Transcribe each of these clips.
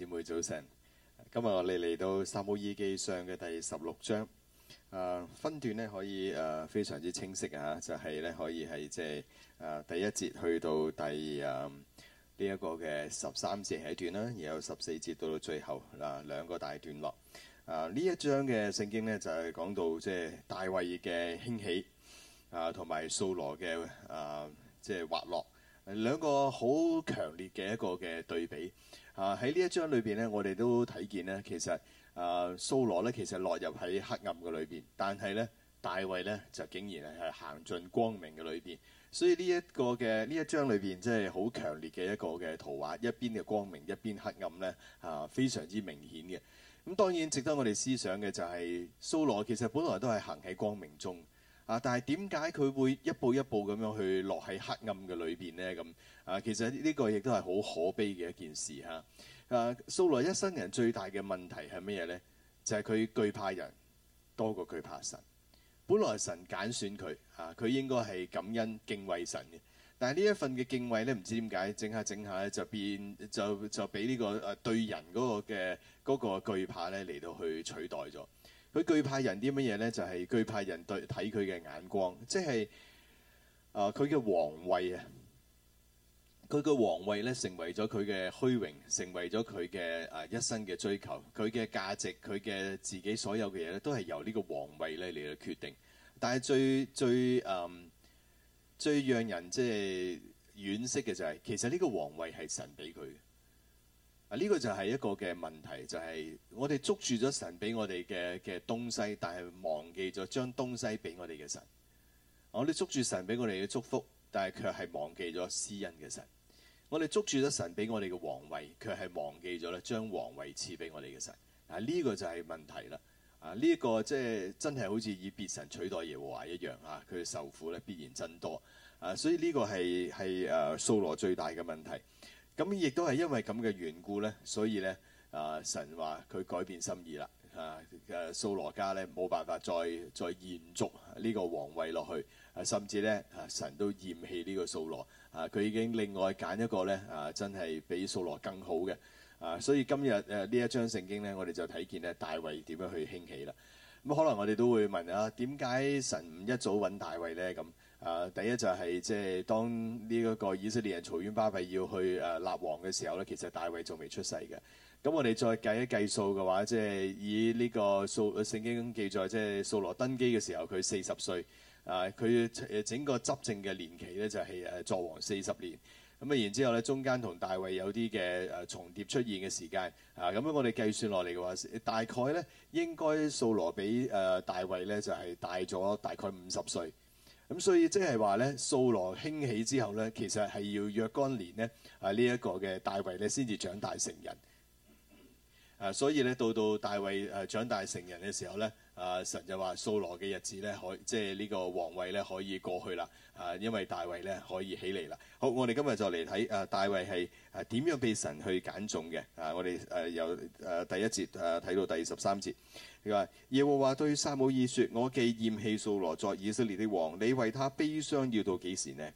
姊妹早晨，今日我哋嚟到《撒母耳記上》嘅第十六章，啊、呃、分段咧可以誒、呃、非常之清晰啊，就係、是、咧可以係即係啊第一節去到第啊呢一個嘅十三節係一段啦，然後十四節到到最後嗱、啊、兩個大段落啊呢一章嘅聖經呢就就、啊啊，就係講到即係大衛嘅興起啊同埋掃羅嘅啊即係滑落，兩個好強烈嘅一個嘅對比。啊！喺呢一章裏邊呢，我哋都睇見呢。其實啊，掃羅呢，其實落入喺黑暗嘅裏邊，但係呢，大衛呢，就竟然係行進光明嘅裏邊。所以呢一,一個嘅呢一章裏邊，即係好強烈嘅一個嘅圖畫，一邊嘅光明，一邊黑暗呢，啊，非常之明顯嘅。咁、啊、當然值得我哋思想嘅就係、是、掃羅其實本來都係行喺光明中啊，但係點解佢會一步一步咁樣去落喺黑暗嘅裏邊呢？咁、啊啊，其實呢個亦都係好可悲嘅一件事嚇。誒、啊，掃羅一生人最大嘅問題係乜嘢咧？就係佢懼怕人多過懼怕神。本來神揀選佢嚇，佢、啊、應該係感恩敬畏神嘅。但係呢一份嘅敬畏咧，唔知點解整下整下就變就就俾呢個誒對人嗰、那個嘅嗰、那個懼怕咧嚟到去取代咗。佢懼怕人啲乜嘢咧？就係、是、懼怕人對睇佢嘅眼光，即係誒佢嘅皇位啊！佢嘅皇位咧，成為咗佢嘅虛榮，成為咗佢嘅誒一生嘅追求。佢嘅價值，佢嘅自己所有嘅嘢咧，都係由呢個皇位咧嚟去決定。但係最最誒、嗯、最讓人即係惋惜嘅就係、是，其實呢個皇位係神俾佢嘅。啊，呢個就係一個嘅問題，就係、是、我哋捉住咗神俾我哋嘅嘅東西，但係忘記咗將東西俾我哋嘅神。我哋捉住神俾我哋嘅祝福，但係卻係忘記咗施恩嘅神。我哋捉住咗神俾我哋嘅王位，佢係忘記咗咧將王位賜俾我哋嘅神。嗱、啊、呢、這個就係問題啦。啊呢一、這個即、就、係、是、真係好似以別神取代耶和華一樣嚇，佢、啊、受苦咧必然增多。啊，所以，啊，啊所以呢個係係誒掃羅最大嘅問題。咁亦都係因為咁嘅緣故咧，所以咧啊神話佢改變心意啦。啊誒掃羅家咧冇辦法再再延續呢個王位落去。甚至咧，啊神都厭棄呢個掃羅啊，佢已經另外揀一個咧啊，真係比掃羅更好嘅啊。所以今日誒呢一章聖經咧，我哋就睇見咧大衛點樣去興起啦。咁可能我哋都會問啊，點解神唔一早揾大衛咧？咁啊，第一就係即係當呢一個以色列人嘈喧巴閉要去誒立王嘅時候咧，其實大衛仲未出世嘅。咁我哋再計一計數嘅話，即係以呢個掃，聖經記載，即係掃羅登基嘅時候，佢四十歲。啊！佢誒整個執政嘅年期咧，就係誒作王四十年。咁啊，然之後咧，中間同大衛有啲嘅誒重疊出現嘅時間。啊，咁樣、啊啊、我哋計算落嚟嘅話，大概咧應該掃羅比誒、啊、大衛咧就係、是、大咗大概五十歲。咁、啊、所以即係話咧，掃羅興起之後咧，其實係要若干年呢，啊、這個、呢一個嘅大衛咧先至長大成人。啊，所以咧到到大衛誒、啊、長大成人嘅時候咧。啊！神就話：掃羅嘅日子呢，可即係呢個皇位呢，可以過去啦。啊，因為大衛呢，可以起嚟啦。好，我哋今日就嚟睇啊，大衛係啊點樣被神去揀中嘅啊？我哋誒、啊、由第一節睇、啊、到第十三節。佢話：耶和華對撒母耳説：我既厭棄掃羅作以色列的王，你為他悲傷要到幾時呢？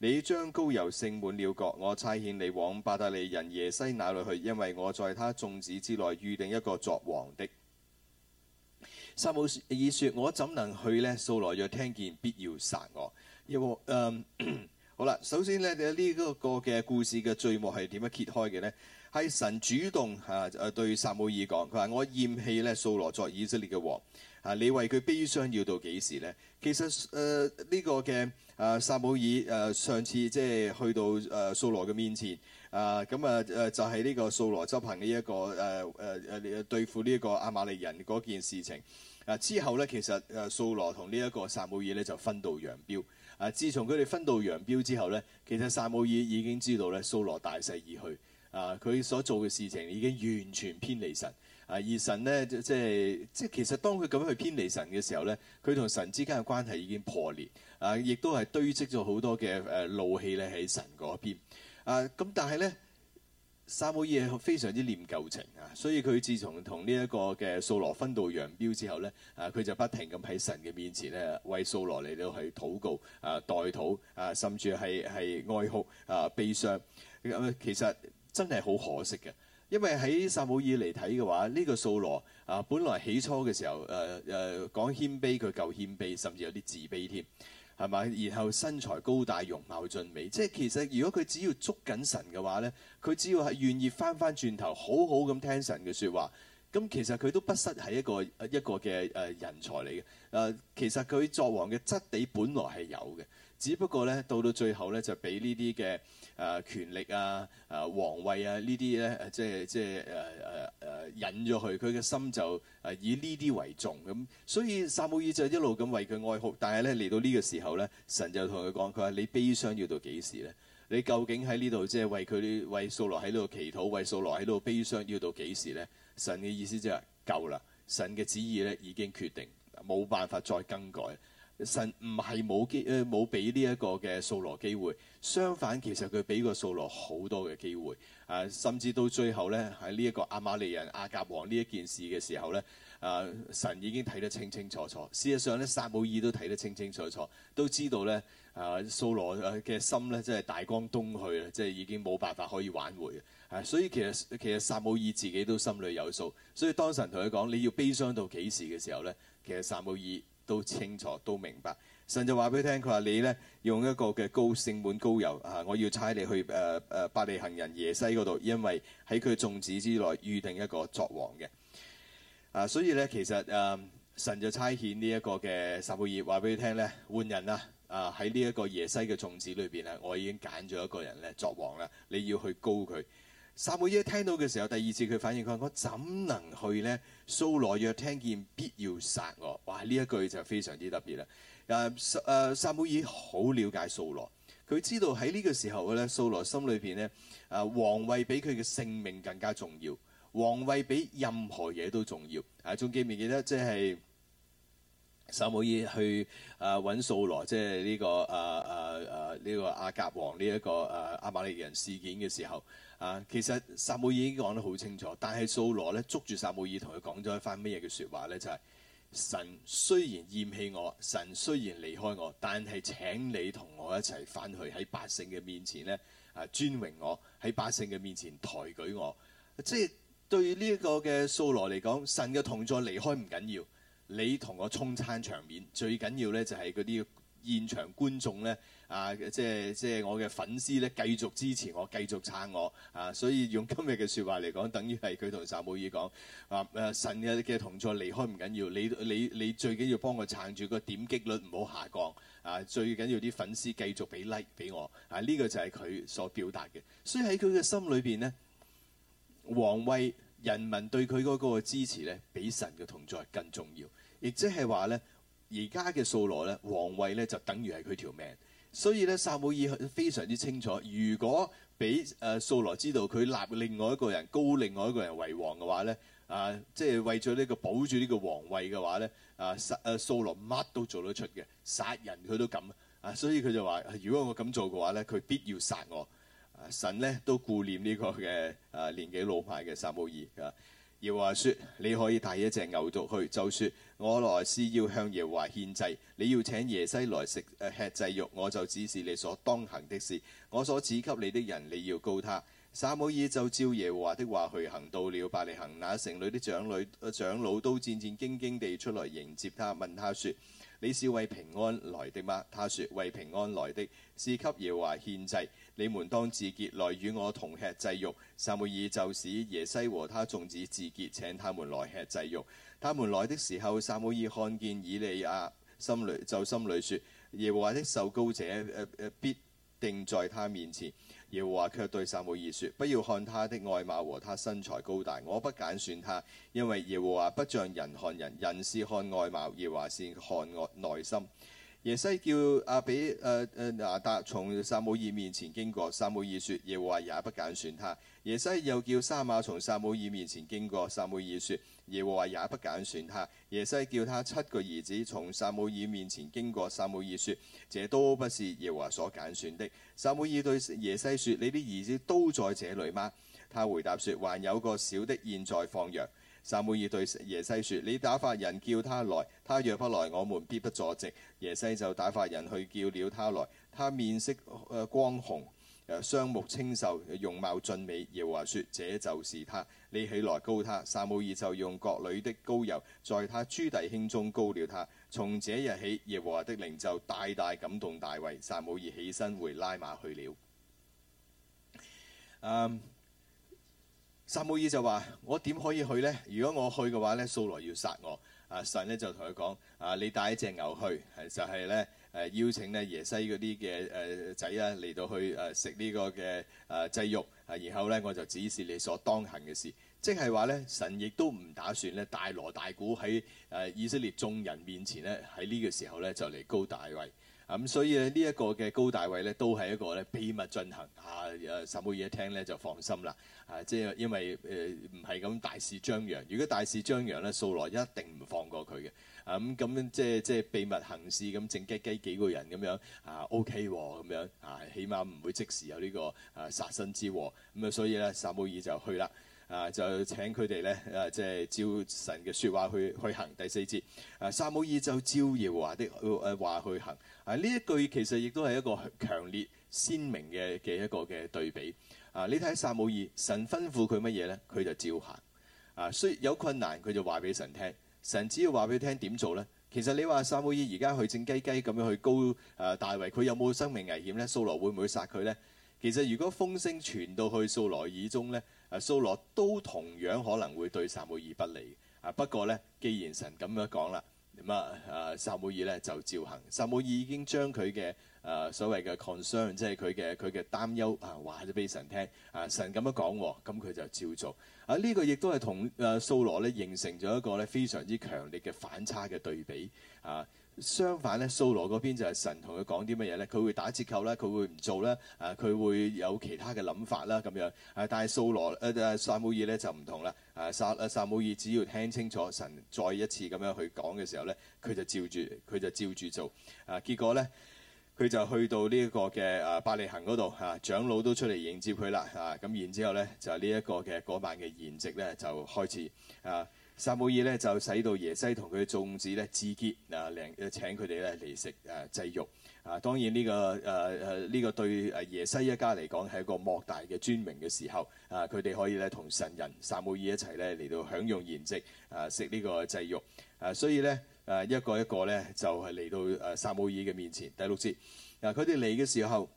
你將膏油盛滿了角，我差遣你往巴特利人耶西那裏去，因為我在他眾子之內預定一個作王的。撒母耳說：我怎能去咧？掃羅若聽見，必要殺我。要誒、嗯、好啦，首先咧，呢、這、一個嘅故事嘅序幕係點樣揭開嘅呢？係神主動嚇、啊、誒對撒母耳講，佢話：我厭棄咧掃羅作以色列嘅王，啊你為佢悲傷要到幾時呢？其實誒呢、呃這個嘅誒撒母耳誒上次即係去到誒掃羅嘅面前啊，咁啊誒就係、是、呢個掃羅執行呢一個誒誒誒對付呢個亞瑪力人嗰件事情。嗱、啊、之後咧，其實誒掃、啊、羅同呢一個撒母耳咧就分道揚鑣。啊，自從佢哋分道揚鑣之後咧，其實撒母耳已經知道咧掃羅大勢而去。啊，佢所做嘅事情已經完全偏離神。啊，而神呢，即係即係其實當佢咁樣去偏離神嘅時候咧，佢同神之間嘅關係已經破裂。啊，亦都係堆積咗好多嘅誒怒氣咧喺神嗰邊。啊，咁但係咧。撒母耳非常之念舊情啊，所以佢自從同呢一個嘅掃羅分道揚鑣之後咧，啊，佢就不停咁喺神嘅面前咧，為掃羅嚟到去禱告啊、呃，代禱啊，甚至係係哀哭啊，悲傷、呃呃。其實真係好可惜嘅，因為喺撒母耳嚟睇嘅話，呢、這個掃羅啊、呃，本來起初嘅時候，誒、呃、誒、呃、講謙卑，佢夠謙卑，甚至有啲自卑添。係嘛？然後身材高大，容貌俊美。即係其實，如果佢只要捉緊神嘅話呢，佢只要係願意翻翻轉頭，好好咁聽神嘅説話，咁其實佢都不失係一個一個嘅誒人才嚟嘅。誒、呃，其實佢作王嘅質地本來係有嘅，只不過呢，到到最後呢，就俾呢啲嘅。誒、啊、權力啊，誒、啊、皇位啊，呢啲咧，即係即係誒誒誒引咗佢，佢嘅心就誒、啊、以呢啲為重。咁、啊、所以撒母耳就一路咁為佢哀哭，但係咧嚟到呢個時候咧，神就同佢講：佢話你悲傷要到幾時咧？你究竟喺呢度即係為佢啲為掃羅喺度祈禱，為掃羅喺度悲傷要到幾時咧？神嘅意思就係、是、夠啦，神嘅旨意咧已經決定，冇辦法再更改。神唔係冇機，誒冇俾呢一個嘅掃羅機會。相反，其實佢俾過掃羅好多嘅機會。誒、啊，甚至到最後咧，喺呢一個亞瑪利人亞甲王呢一件事嘅時候咧，誒、啊、神已經睇得清清楚楚。事實上咧，撒母耳都睇得清清楚楚，都知道咧誒掃羅嘅心咧，即、就、係、是、大江東去啦，即、就、係、是、已經冇辦法可以挽回嘅、啊。所以其實其實撒母耳自己都心裏有數。所以當神同佢講你要悲傷到幾時嘅時候咧，其實撒母耳，都清楚，都明白。神就話俾佢聽，佢話你呢，用一個嘅角盛滿膏油啊！我要差你去誒誒伯利恆人耶西嗰度，因為喺佢眾子之內預定一個作王嘅、啊、所以呢，其實誒、啊、神就差遣呢一個嘅撒母耳話俾佢聽，呢換人啦啊！喺呢一個耶西嘅眾子裏邊咧，我已經揀咗一個人呢作王啦，你要去膏佢。撒母耳聽到嘅時候，第二次佢反應，佢話，我怎能去呢？蘇羅若聽見，必要殺我。哇！呢一句就非常之特別啦。誒、啊、誒，撒母耳好了解蘇羅，佢知道喺呢個時候咧，蘇羅心裏邊咧，誒、啊、王位比佢嘅性命更加重要，王位比任何嘢都重要。啊，仲記唔記得即係？撒母耳去啊揾掃羅，即係呢、這個啊啊啊呢、這個亞甲王呢、這、一個啊亞瑪力人事件嘅時候啊，其實撒母耳已經講得好清楚，但係掃羅咧捉住撒母耳同佢講咗一番咩嘢嘅説話咧，就係、是、神雖然厭棄我，神雖然離開我，但係請你同我一齊翻去喺百姓嘅面前咧啊尊榮我，喺百姓嘅面前抬舉我，即係對呢一個嘅掃羅嚟講，神嘅同在離開唔緊要。你同我撐場面，最緊要呢就係嗰啲現場觀眾呢，啊，即係即係我嘅粉絲呢，繼續支持我，繼續撐我啊！所以用今日嘅説話嚟講，等於係佢同撒母耳講話誒，神嘅同在離開唔緊要，你你你最緊要幫我撐住個點擊率唔好下降啊！最緊要啲粉絲繼續俾 like 俾我啊！呢、這個就係佢所表達嘅，所以喺佢嘅心裏邊呢，王位人民對佢嗰個支持呢，比神嘅同在更重要。亦即係話咧，而家嘅掃羅咧，王位咧就等於係佢條命，所以咧撒母耳非常之清楚。如果俾誒掃羅知道佢立另外一個人高另外一個人為王嘅話咧，啊，即係為咗呢個保住呢個王位嘅話咧，啊，掃誒掃羅乜都做得出嘅，殺人佢都敢啊！所以佢就話：如果我咁做嘅話咧，佢必要殺我啊！神咧都顧念呢個嘅誒、啊、年紀老派嘅撒母耳啊，要話説你可以帶一隻牛族去，就説。我來是要向耶和華獻祭，你要請耶西來食誒、啊、吃祭肉，我就指示你所當行的事。我所指給你的人，你要膏他。撒母耳就照耶和華的話去行，到了伯利恒，那城裏的長女、啊、長老都戰戰兢兢地出來迎接他，問他說：你是為平安來的嗎？他說：為平安來的，是給耶和華獻祭。你們當自潔來與我同吃祭肉。撒母耳就使耶西和他眾子自潔，請他們來吃祭肉。他們來的時候，撒母耳看見以利亞心，心裏就心裏說：耶和華的受膏者、呃呃，必定在他面前。耶和華卻對撒母耳說：不要看他的外貌和他身材高大，我不揀選算他，因為耶和華不像人看人，人是看外貌，耶和華是看內心。耶西叫阿比誒、呃呃、拿達從撒母耳面前經過，撒母耳說：耶和華也不揀選算他。耶西又叫沙馬從撒母耳面前經過，撒母耳說：耶和華也不揀選他。耶西叫他七個兒子從撒母耳面前經過，撒母耳說：這都不是耶和華所揀選的。撒母耳對耶西說：你啲兒子都在這裡嗎？他回答說：還有個小的現在放羊。撒母耳對耶西說：你打發人叫他來，他若不來，我們必不坐席。耶西就打發人去叫了他來，他面色誒光紅。誒雙目清秀，容貌俊美。耶和華說：這就是他。你起來膏他。撒母耳就用國裏的膏油，在他諸弟兄中膏了他。從這日起，耶和華的靈就大大感動大衛。撒母耳起身回拉馬去了。嗯，撒母耳就話：我點可以去呢？如果我去嘅話咧，掃羅要殺我。啊，神呢就同佢講：啊，你帶一隻牛去，係就係、是、咧。誒邀請咧耶西嗰啲嘅誒仔啊嚟到去誒食呢個嘅誒祭肉，啊，然後咧我就指示你所當行嘅事，即係話咧神亦都唔打算咧大鑼大鼓喺誒以色列眾人面前咧喺呢個時候咧就嚟膏大衛，咁、嗯、所以呢一、這個嘅膏大衛咧都係一個咧秘密進行嚇誒撒母耳一聽咧就放心啦，啊即係因為誒唔係咁大肆張揚，如果大肆張揚咧掃羅一定唔放過佢嘅。咁咁即係即係秘密行事咁靜雞雞幾個人咁樣啊 OK 喎、哦、咁樣啊，起碼唔會即時有呢、這個啊殺身之禍咁、嗯、啊,啊,啊,啊,啊,啊，所以咧撒母耳就去啦啊，就請佢哋咧啊即係照神嘅説話去去行第四節啊，撒母耳就照耶和華嘅誒話去行啊呢一句其實亦都係一個強烈鮮明嘅嘅一個嘅對比啊，你睇撒母耳神吩咐佢乜嘢咧，佢就照行啊，雖有困難佢就話俾神聽。神只要話俾佢聽點做咧，其實你話撒母耳而家佢靜雞雞咁樣去高誒大衛，佢有冇生命危險咧？掃羅會唔會殺佢咧？其實如果風聲傳到去掃羅耳中咧，啊掃羅都同樣可能會對撒母耳不利。啊不過咧，既然神咁樣講啦，咁啊啊撒母耳咧就照行。撒母耳已經將佢嘅誒所謂嘅 concern，即係佢嘅佢嘅擔憂啊話咗俾神聽。啊神咁、啊、樣講，咁、啊、佢就照做。啊！這個、啊呢個亦都係同誒掃羅咧形成咗一個咧非常之強烈嘅反差嘅對比啊！相反咧，掃羅嗰邊就係神同佢講啲乜嘢咧？佢會打折扣啦，佢會唔做啦，誒、啊、佢會有其他嘅諗法啦咁樣啊！但係掃羅誒誒撒母耳咧就唔同啦，誒撒啊撒母耳、啊、只要聽清楚神再一次咁樣去講嘅時候咧，佢就照住佢就照住做啊！結果咧。佢就去到呢一個嘅啊伯利恒嗰度啊，長老都出嚟迎接佢啦啊！咁然之後咧，就、嗰個、呢一個嘅嗰晚嘅筵席咧，就開始啊。撒母耳咧就使到耶西同佢嘅眾子咧自潔啊，零誒請佢哋咧嚟食誒祭肉啊。當然呢、呢個誒誒呢個對耶西一家嚟講係一個莫大嘅尊榮嘅時候啊，佢哋可以咧同神人撒母耳一齊咧嚟到享用筵席啊，食呢個祭肉啊，所以咧。誒一個一個咧，就係嚟到誒撒母耳嘅面前第六節。啊，佢哋嚟嘅時候，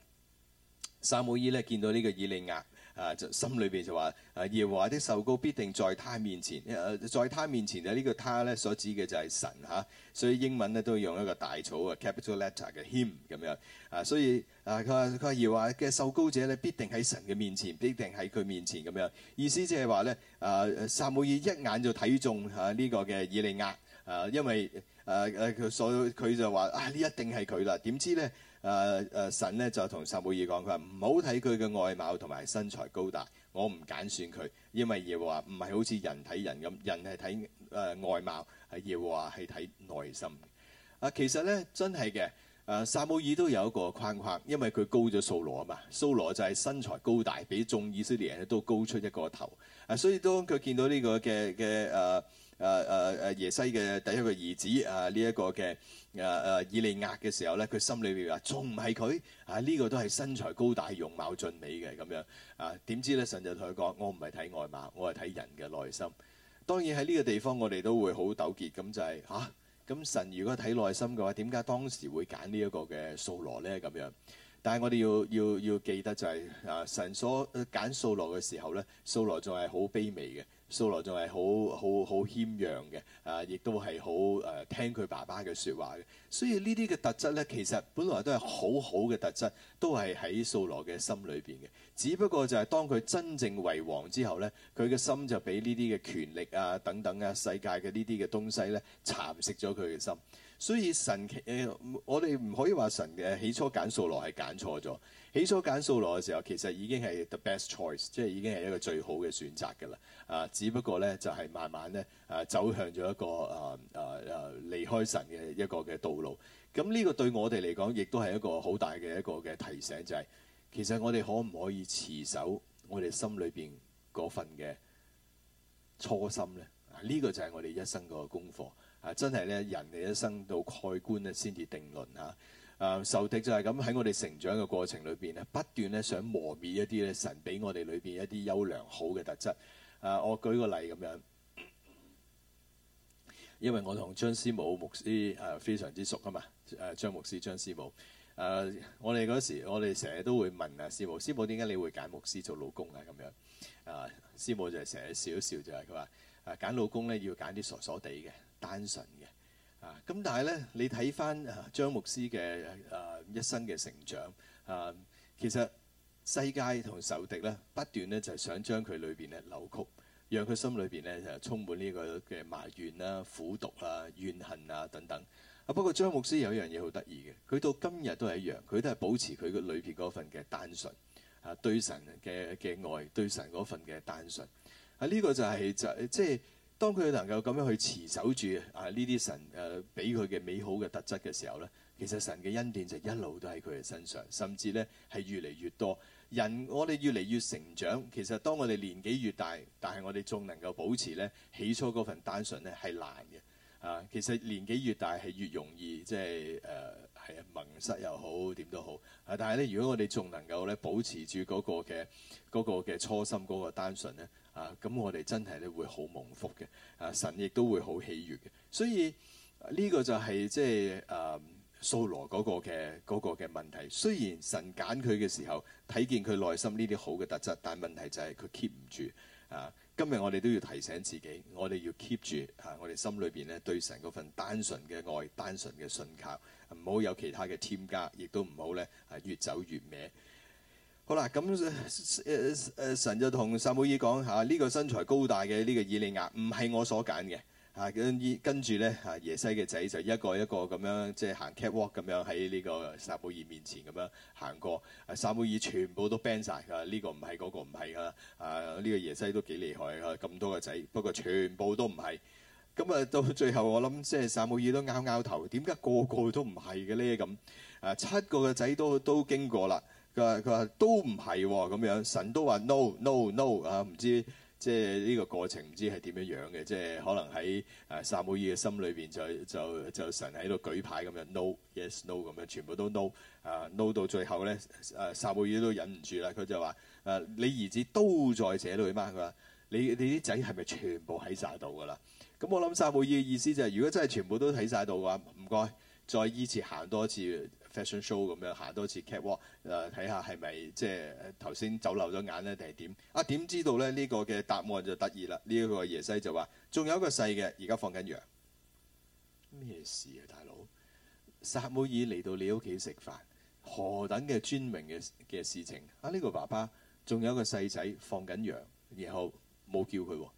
撒母耳呢見到呢個以利亞，啊就心裏邊就話：誒耶和華的受膏必定在他面前。誒、啊、在他面前就呢個他咧所指嘅就係神嚇、啊，所以英文呢，都用一個大草嘅 capital letter 嘅 him 咁樣啊。所以啊，佢話佢話：耶和華嘅受膏者呢，必定喺神嘅面前，必定喺佢面前咁樣意思，即係話呢，啊撒母耳一眼就睇中啊呢個嘅以利亞。呃、啊，因為誒誒，所以佢就話啊，呢一定係佢啦。點知咧？誒、呃、誒，神咧就同撒母耳講，佢話唔好睇佢嘅外貌同埋身材高大，我唔揀選佢，因為耶和華唔係好似人睇人咁，人係睇誒外貌，係耶和華係睇內心。啊，其實咧真係嘅，誒撒母耳都有一個框框，因為佢高咗掃羅啊嘛，掃羅就係身材高大，比眾以色列人都高出一個頭。啊，所以當佢見到呢個嘅嘅誒。誒誒誒耶西嘅第一個兒子啊，呢一個嘅誒誒以利押嘅時候咧，佢心裏邊話仲唔係佢啊？呢個都係身材高大、容貌俊美嘅咁樣啊？點知咧，神就同佢講：我唔係睇外貌，我係睇人嘅內心。當然喺呢個地方我哋都會好糾結咁，就係嚇咁神如果睇內心嘅話，點解當時會揀呢一個嘅掃羅咧？咁樣，但係我哋要要要記得，就係啊，神所揀掃羅嘅時候咧，掃羅仲係好卑微嘅。掃羅仲係好好好謙讓嘅，啊，亦都係好誒聽佢爸爸嘅說話嘅，所以呢啲嘅特質咧，其實本來都係好好嘅特質，都係喺掃羅嘅心裏邊嘅。只不過就係當佢真正為王之後呢，佢嘅心就俾呢啲嘅權力啊，等等啊，世界嘅呢啲嘅東西呢，蠶食咗佢嘅心。所以神嘅、呃、我哋唔可以話神嘅起初揀掃羅係揀錯咗。起初揀掃羅嘅時候，其實已經係 the best choice，即係已經係一個最好嘅選擇㗎啦。啊，只不過呢，就係、是、慢慢呢啊走向咗一個啊啊啊離開神嘅一個嘅道路。咁呢個對我哋嚟講，亦都係一個好大嘅一個嘅提醒，就係、是。其實我哋可唔可以持守我哋心裏邊嗰份嘅初心咧？呢、呢個就係我哋一生個功課啊！真係咧，人哋一生到蓋棺咧先至定論嚇。啊，仇敵就係咁喺我哋成長嘅過程裏邊咧，不斷咧想磨滅一啲咧神俾我哋裏邊一啲優良好嘅特質。啊，我舉個例咁樣，因為我同張師母牧師啊非常之熟啊嘛，誒張牧師張師母。誒，我哋嗰時，我哋成日都會問啊，師母，師母點解你會揀牧師做老公啊？咁樣啊，師母就係成日笑一笑，就係佢話誒揀老公咧，要揀啲傻傻地嘅、單純嘅啊。咁但係咧，你睇翻張牧師嘅誒一生嘅成長啊，其實世界同仇敵咧不斷咧就係想將佢裏邊咧扭曲，讓佢心裏邊咧就係充滿呢個嘅埋怨啊、苦毒啊、怨恨啊等等。啊！不過張牧師有一樣嘢好得意嘅，佢到今日都係一樣，佢都係保持佢個裏邊嗰份嘅單純啊，對神嘅嘅愛，對神嗰份嘅單純啊，呢個就係，就即係當佢能夠咁樣去持守住啊呢啲神誒俾佢嘅美好嘅特質嘅時候呢，其實神嘅恩典就一路都喺佢嘅身上，甚至呢係越嚟越多。人我哋越嚟越成長，其實當我哋年紀越大，但係我哋仲能夠保持呢起初嗰份單純呢係難嘅。啊，其實年紀越大係越容易，即係誒係啊，矇塞又好點都好。啊，但係咧，如果我哋仲能夠咧保持住嗰個嘅嗰個嘅初心，嗰個單純咧，啊，咁我哋真係咧會好蒙福嘅。啊，神亦都會好喜悅嘅。所以呢、啊這個就係、是、即係誒掃羅嗰個嘅嗰個嘅問題。雖然神揀佢嘅時候睇見佢內心呢啲好嘅特質，但係問題就係佢 keep 唔住啊。今日我哋都要提醒自己，我哋要 keep 住吓，我哋心裏邊咧對神嗰份單純嘅愛，單純嘅信靠，唔好有其他嘅添加，亦都唔好咧係越走越歪。好啦，咁誒，誒神就同撒母耳講，嚇，呢個身材高大嘅呢、呢個以利亞唔係我所揀嘅。嚇、啊、跟依跟住咧，啊耶西嘅仔就一個一個咁樣，即係行 catwalk 咁樣喺呢個撒母耳面前咁樣行過。啊撒母耳全部都 ban 晒啊呢、這個唔係，嗰、那個唔係噶啊呢、啊這個耶西都幾厲害噶，咁、啊、多個仔，不過全部都唔係。咁啊到最後我諗即係撒母耳都拗拗頭，點解個個都唔係嘅咧？咁啊七個嘅仔都都經過啦，佢話佢話都唔係喎，咁、啊、樣神都話 no, no no no 啊，唔知。即係呢個過程唔知係點樣樣嘅，即係可能喺誒撒母耳嘅心裏邊就就就神喺度舉牌咁樣 no yes no 咁樣全部都 no 啊 no 到最後咧誒撒母耳都忍唔住啦，佢就話誒、啊、你兒子在都在這裏嘛，佢話你你啲仔係咪全部喺晒度㗎啦？咁我諗撒母耳嘅意思就係、是、如果真係全部都喺晒度嘅話，唔該再依次行多一次。fashion show 咁樣行多次 catwalk，睇、呃、下係咪即係頭先走漏咗眼咧，定係點啊？點知道咧？呢、這個嘅答案就得意啦。呢、這個耶西就話：仲有一個細嘅，而家放緊羊咩事啊？大佬撒母耳嚟到你屋企食飯，何等嘅尊榮嘅嘅事情啊！呢、這個爸爸仲有一個細仔放緊羊，然後冇叫佢喎、哦，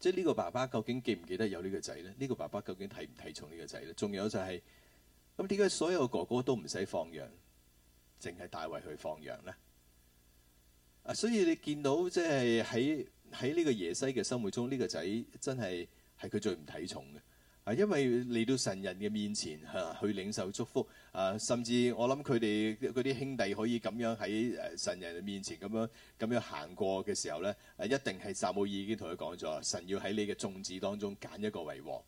即係呢個爸爸究竟記唔記得有呢個仔咧？呢、這個爸爸究竟睇唔睇重呢個仔咧？仲有就係、是。咁點解所有哥哥都唔使放羊，淨係大衛去放羊呢？啊，所以你見到即係喺喺呢個耶西嘅生活中，呢個仔真係係佢最唔睇重嘅啊！因為嚟到神人嘅面前、啊、去領受祝福啊，甚至我諗佢哋嗰啲兄弟可以咁樣喺神人面前咁樣咁樣行過嘅時候咧、啊，一定係撒母耳已經同佢講咗，神要喺你嘅眾子當中揀一個為王。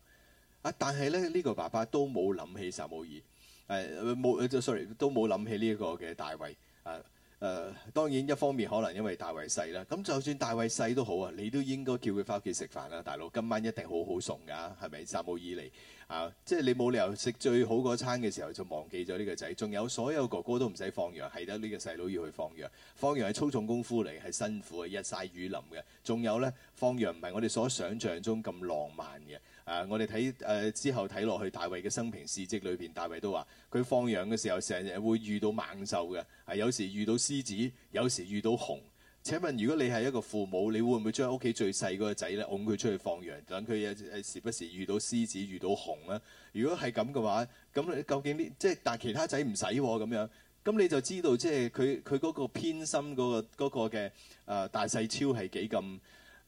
啊！但係咧，呢、這個爸爸都冇諗起撒母耳，誒、啊、冇、啊、sorry 都冇諗起呢一個嘅大衛啊。誒、啊、當然一方面可能因為大衛細啦，咁就算大衛細都好啊，你都應該叫佢翻屋企食飯啦，大佬今晚一定好好餸㗎，係咪撒母耳嚟啊？即係你冇理由食最好嗰餐嘅時候就忘記咗呢個仔。仲有所有哥哥都唔使放羊，係得呢個細佬要去放羊。放羊係粗重功夫嚟，係辛苦嘅，日曬雨淋嘅。仲有咧，放羊唔係我哋所想像中咁浪漫嘅。啊！我哋睇誒之後睇落去，大衛嘅生平事蹟裏邊，大衛都話佢放羊嘅時候，成日會遇到猛獸嘅。係、啊、有時遇到獅子，有時遇到熊。請問，如果你係一個父母，你會唔會將屋企最細嗰個仔咧，擁佢出去放羊，等佢誒時不時遇到獅子、遇到熊咧？如果係咁嘅話，咁究竟呢？即係但係其他仔唔使喎咁樣，咁你就知道即係佢佢嗰個偏心嗰、嗰個嘅誒、嗰個嗰個呃、大細超係幾咁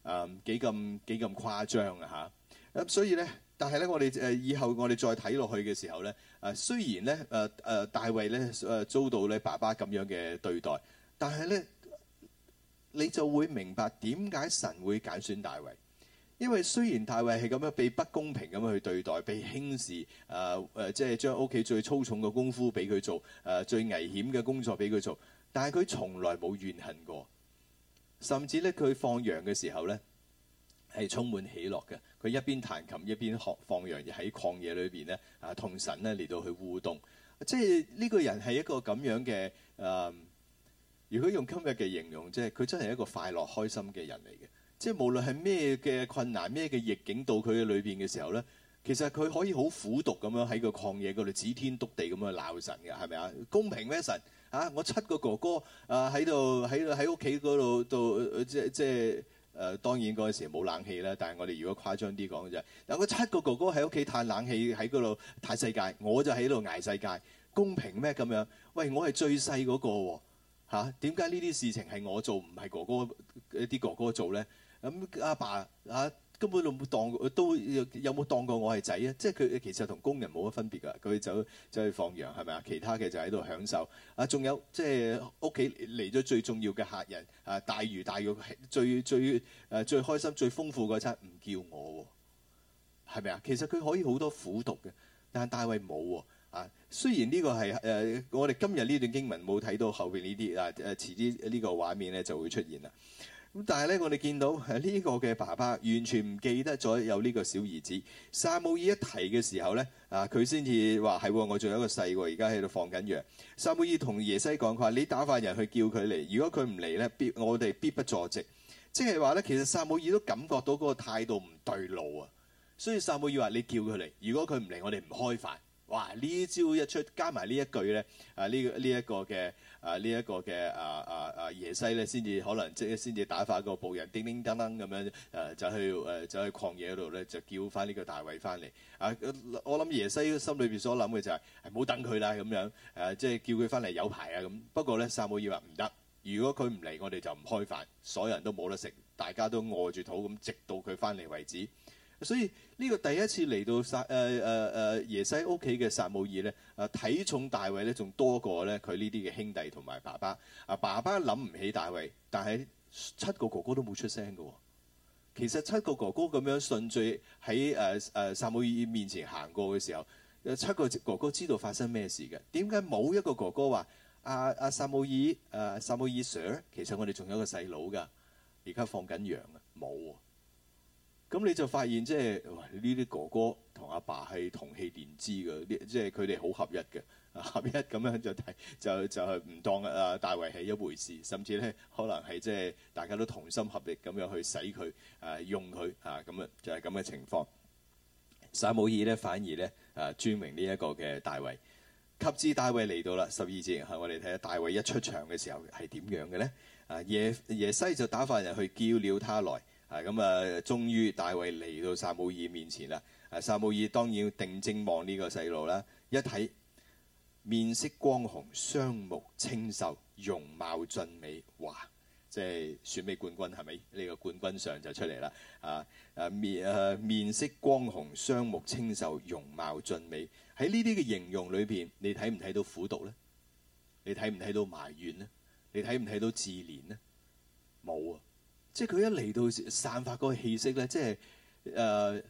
誒幾咁幾咁誇張啊嚇！咁所以咧，但係咧，我哋誒以後我哋再睇落去嘅時候咧，誒、啊、雖然咧，誒、呃、誒大衛咧誒遭到咧爸爸咁樣嘅對待，但係咧，你就會明白點解神會揀選大衛。因為雖然大衛係咁樣被不公平咁去對待，被輕視，誒、啊、誒即係將屋企最粗重嘅功夫俾佢做，誒、啊、最危險嘅工作俾佢做，但係佢從來冇怨恨過，甚至咧佢放羊嘅時候咧。係充滿喜樂嘅，佢一邊彈琴一邊學放羊，喺曠野裏邊咧，啊同神咧嚟到去互動，啊、即係呢、這個人係一個咁樣嘅，誒、啊，如果用今日嘅形容，即係佢真係一個快樂開心嘅人嚟嘅，即係無論係咩嘅困難、咩嘅逆境到佢裏邊嘅時候咧，其實佢可以好苦毒咁樣喺個曠野嗰度指天篤地咁樣鬧神嘅，係咪啊？公平咩神啊？我七個哥哥啊喺度喺喺屋企嗰度度即即。即誒、呃、當然嗰時冇冷氣啦，但係我哋如果誇張啲講就係有個七個哥哥喺屋企嘆冷氣，喺嗰度嘆世界，我就喺度捱世界，公平咩咁樣？喂，我係最細嗰、那個喎，嚇？點解呢啲事情係我做唔係哥哥一啲哥哥做咧？咁、嗯、阿爸，爸啊？根本冇當過，都有冇當過我係仔啊！即係佢其實同工人冇乜分別㗎。佢走走去放羊係咪啊？其他嘅就喺度享受。啊，仲有即係屋企嚟咗最重要嘅客人啊！大魚大肉最最誒、啊、最開心、最豐富嗰餐唔叫我喎、哦，係咪啊？其實佢可以好多苦毒嘅，但係大衛冇喎、哦、啊！雖然呢個係誒、啊，我哋今日呢段經文冇睇到後邊呢啲啊誒，遲啲呢個畫面咧就會出現啦。咁但係咧，我哋見到呢個嘅爸爸完全唔記得咗有呢個小兒子。撒母耳一提嘅時候咧，啊，佢先至話係，我仲有一個細喎，而家喺度放緊羊。撒母耳同耶西講，佢話：你打發人去叫佢嚟，如果佢唔嚟咧，必我哋必不坐席。即係話咧，其實撒母耳都感覺到嗰個態度唔對路啊，所以撒母耳話：你叫佢嚟，如果佢唔嚟，我哋唔開飯。哇！呢招一，一出，加埋呢一句咧，啊呢呢一個嘅。這個啊！呢、這、一個嘅啊啊啊耶西咧，先至可能即係先至打發個部人叮叮噹噹咁樣，誒、啊、就去誒就、啊、去狂野曠野度咧，就叫翻呢個大衞翻嚟。啊！我諗耶西心裏邊所諗嘅就係、是，唔、哎、好等佢啦咁樣，誒、啊、即係叫佢翻嚟有排啊咁。不過咧，撒母耳話唔得，如果佢唔嚟，我哋就唔開飯，所有人都冇得食，大家都餓住肚咁，直到佢翻嚟為止。所以呢、這個第一次嚟到撒誒誒誒耶西屋企嘅撒母耳咧，啊、呃、體重大衛咧仲多過咧佢呢啲嘅兄弟同埋爸爸。啊，爸爸諗唔起大衛，但係七個哥哥都冇出聲嘅喎、哦。其實七個哥哥咁樣順序喺誒誒撒母耳面前行過嘅時候，七個哥哥知道發生咩事嘅。點解冇一個哥哥話啊啊撒母耳誒撒母耳 Sir？其實我哋仲有一個細佬㗎，而家放緊羊啊冇。咁你就發現，即係呢啲哥哥同阿爸係同氣連枝嘅，即係佢哋好合一嘅，合一咁樣就睇就就係唔當啊大衛係一回事，甚至咧可能係即係大家都同心合力咁樣去使佢啊用佢啊咁樣就係咁嘅情況。撒母耳呢，反而咧啊尊榮呢一個嘅大衛。及至大衛嚟到啦十二節，啊、我哋睇下大衛一出場嘅時候係點樣嘅咧？啊耶耶西就打發人去叫了他來。啊，咁啊，終於大衛嚟到撒母耳面前啦。啊，撒母耳當然要定睛望呢個細路啦，一睇面色光紅，雙目清秀，容貌俊美，哇！即係選美冠軍係咪？呢個冠軍相就出嚟啦。啊，誒面誒面色光紅，雙目清秀，容貌俊美。喺呢啲嘅形容裏邊，你睇唔睇到苦毒咧？你睇唔睇到埋怨咧？你睇唔睇到自憐咧？冇啊！即係佢一嚟到散發個氣息咧，即係誒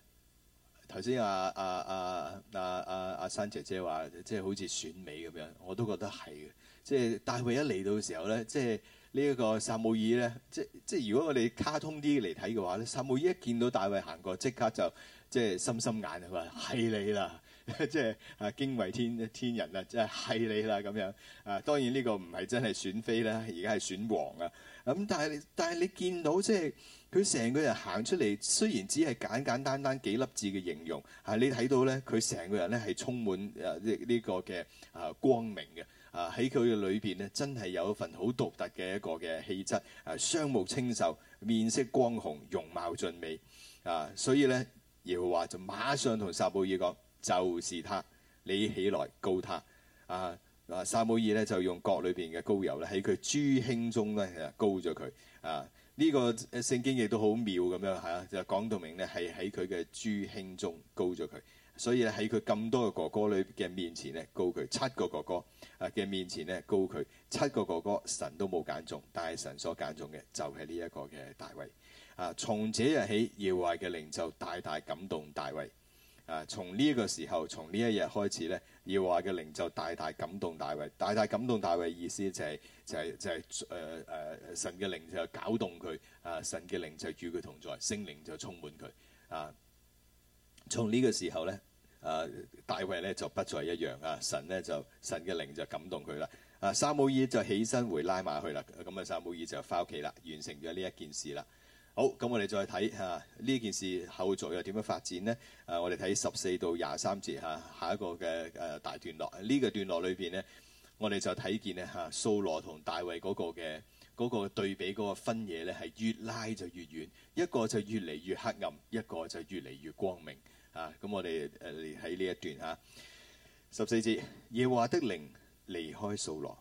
頭先阿阿阿阿阿阿珊姐姐話，即係好似選美咁樣，我都覺得係嘅。即係大衛一嚟到嘅時候咧，即係呢一個撒母耳咧，即即係如果我哋卡通啲嚟睇嘅話咧，撒母耳一見到大衛行過，即刻就即係心心眼，佢話係你啦，即係驚為天天人啦，即係係你啦咁樣。啊，當然呢個唔係真係選妃啦，而家係選王啊。咁但係，但係你見到即係佢成個人行出嚟，雖然只係簡簡單單幾粒字嘅形容，嚇、啊、你睇到咧，佢成個人咧係充滿誒呢、啊這個嘅啊光明嘅啊喺佢嘅裏邊咧，真係有一份好獨特嘅一個嘅氣質，啊雙目清秀，面色光紅，容貌俊美啊，所以咧，耶和華就馬上同撒母耳講，就是他，你起來膏他啊。啊，撒母耳咧就用角裏邊嘅膏油咧，喺佢諸兄中咧，膏咗佢。啊，呢、這個聖經亦都好妙咁樣嚇、啊，就講到明咧，係喺佢嘅諸兄中膏咗佢。所以喺佢咁多嘅哥哥裏嘅面前咧，膏佢七個哥哥啊嘅面前咧，膏佢七個哥哥，神都冇揀中，但係神所揀中嘅就係呢一個嘅大衛。啊，從這日起，耶和華嘅靈就大大感動大衛。啊，從呢一個時候，從呢一日開始咧。耶和華嘅靈就大大感動大衛，大大感動大衛意思就係、是、就係、是、就係誒誒神嘅靈就搞動佢，誒、啊、神嘅靈就與佢同在，聖靈就充滿佢啊。從呢個時候咧，誒、啊、大衛咧就不再一樣啊！神咧就神嘅靈就感動佢啦。啊，撒母耳就起身回拉馬去啦，咁啊，撒母耳就翻屋企啦，完成咗呢一件事啦。好，咁我哋再睇嚇呢件事後續又點樣發展呢？誒、啊，我哋睇十四到廿三節嚇，下一個嘅誒、啊、大段落。呢、這個段落裏邊呢，我哋就睇見咧嚇，掃羅同大衛嗰個嘅嗰、那個對比，嗰個分野呢係越拉就越遠，一個就越嚟越黑暗，一個就越嚟越光明。嚇、啊，咁、啊嗯、我哋誒喺呢一段嚇、啊，十四節，耶和華的靈離開掃羅。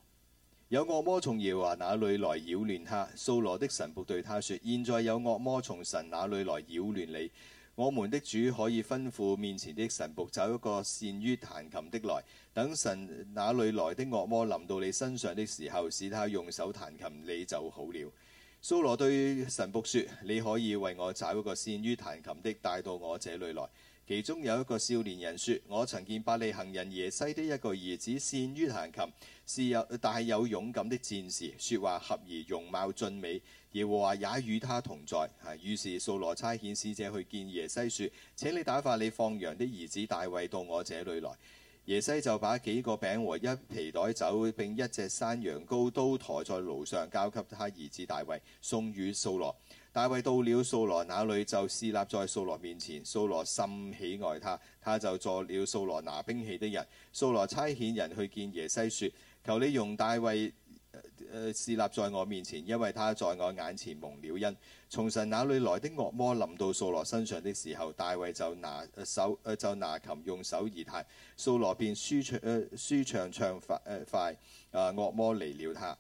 有惡魔從耶和華那裏來擾亂他。蘇羅的神僕對他說：現在有惡魔從神那裏來擾亂你。我們的主可以吩咐面前的神僕找一個善於彈琴的來。等神那裏來的惡魔臨到你身上的時候，使他用手彈琴，你就好了。蘇羅對神僕說：你可以為我找一個善於彈琴的帶到我這裡來。其中有一個少年人說：我曾見伯利恒人耶西的一個兒子善於彈琴。是有，但有勇敢的戰士，説話合而容貌俊美。耶和華也與他同在。於是素羅差遣使者去見耶西，説：請你打發你放羊的兒子大衛到我這裡來。耶西就把幾個餅和一皮袋走，並一隻山羊羔都抬在爐上，交給他兒子大衛，送與素羅。大衛到了素羅那裏，就侍立在素羅面前。素羅甚喜愛他，他就作了素羅拿兵器的人。素羅差遣人去見耶西，説：求你容大衛誒、呃、侍立在我面前，因為他在我眼前蒙了恩。從神那裏來的惡魔臨到掃羅身上的時候，大衛就拿、呃、手就拿琴用手而彈，掃羅便舒暢暢爽快誒惡、呃呃、魔離了他。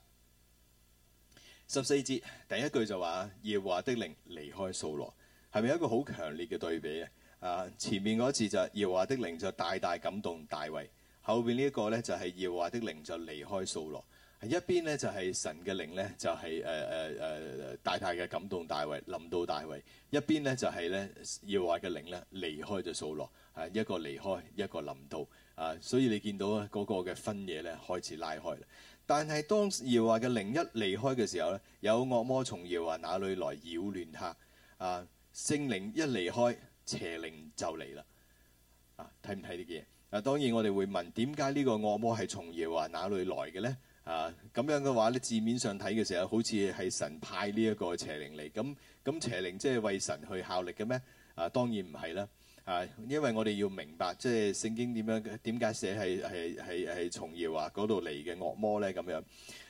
十四節第一句就話耶和華的靈離開掃羅，係咪有一個好強烈嘅對比啊？前面嗰字就耶和華的靈就大，大大感動大衛。後邊呢一個咧，就係耶和華的靈就離開掃羅，一邊呢，就係神嘅靈呢，就係誒誒誒大大嘅感動大衛臨到大衛，一邊呢，就係呢耶和華嘅靈呢，離開咗掃羅，一個離開一個臨到啊，所以你見到嗰個嘅分野呢，開始拉開啦。但係當耶和華嘅靈一離開嘅時候呢，有惡魔從耶和華那裏來擾亂他啊，聖靈一離開邪靈就嚟啦啊，睇唔睇呢啲嘢？啊，當然我哋會問點解呢個惡魔係從耶和華哪裏來嘅咧？啊，咁樣嘅話咧，字面上睇嘅時候，好似係神派呢一個邪靈嚟。咁咁邪靈即係為神去效力嘅咩？啊，當然唔係啦。啊，因為我哋要明白，即係聖經點樣點解寫係係係係從耶和華嗰度嚟嘅惡魔咧咁樣。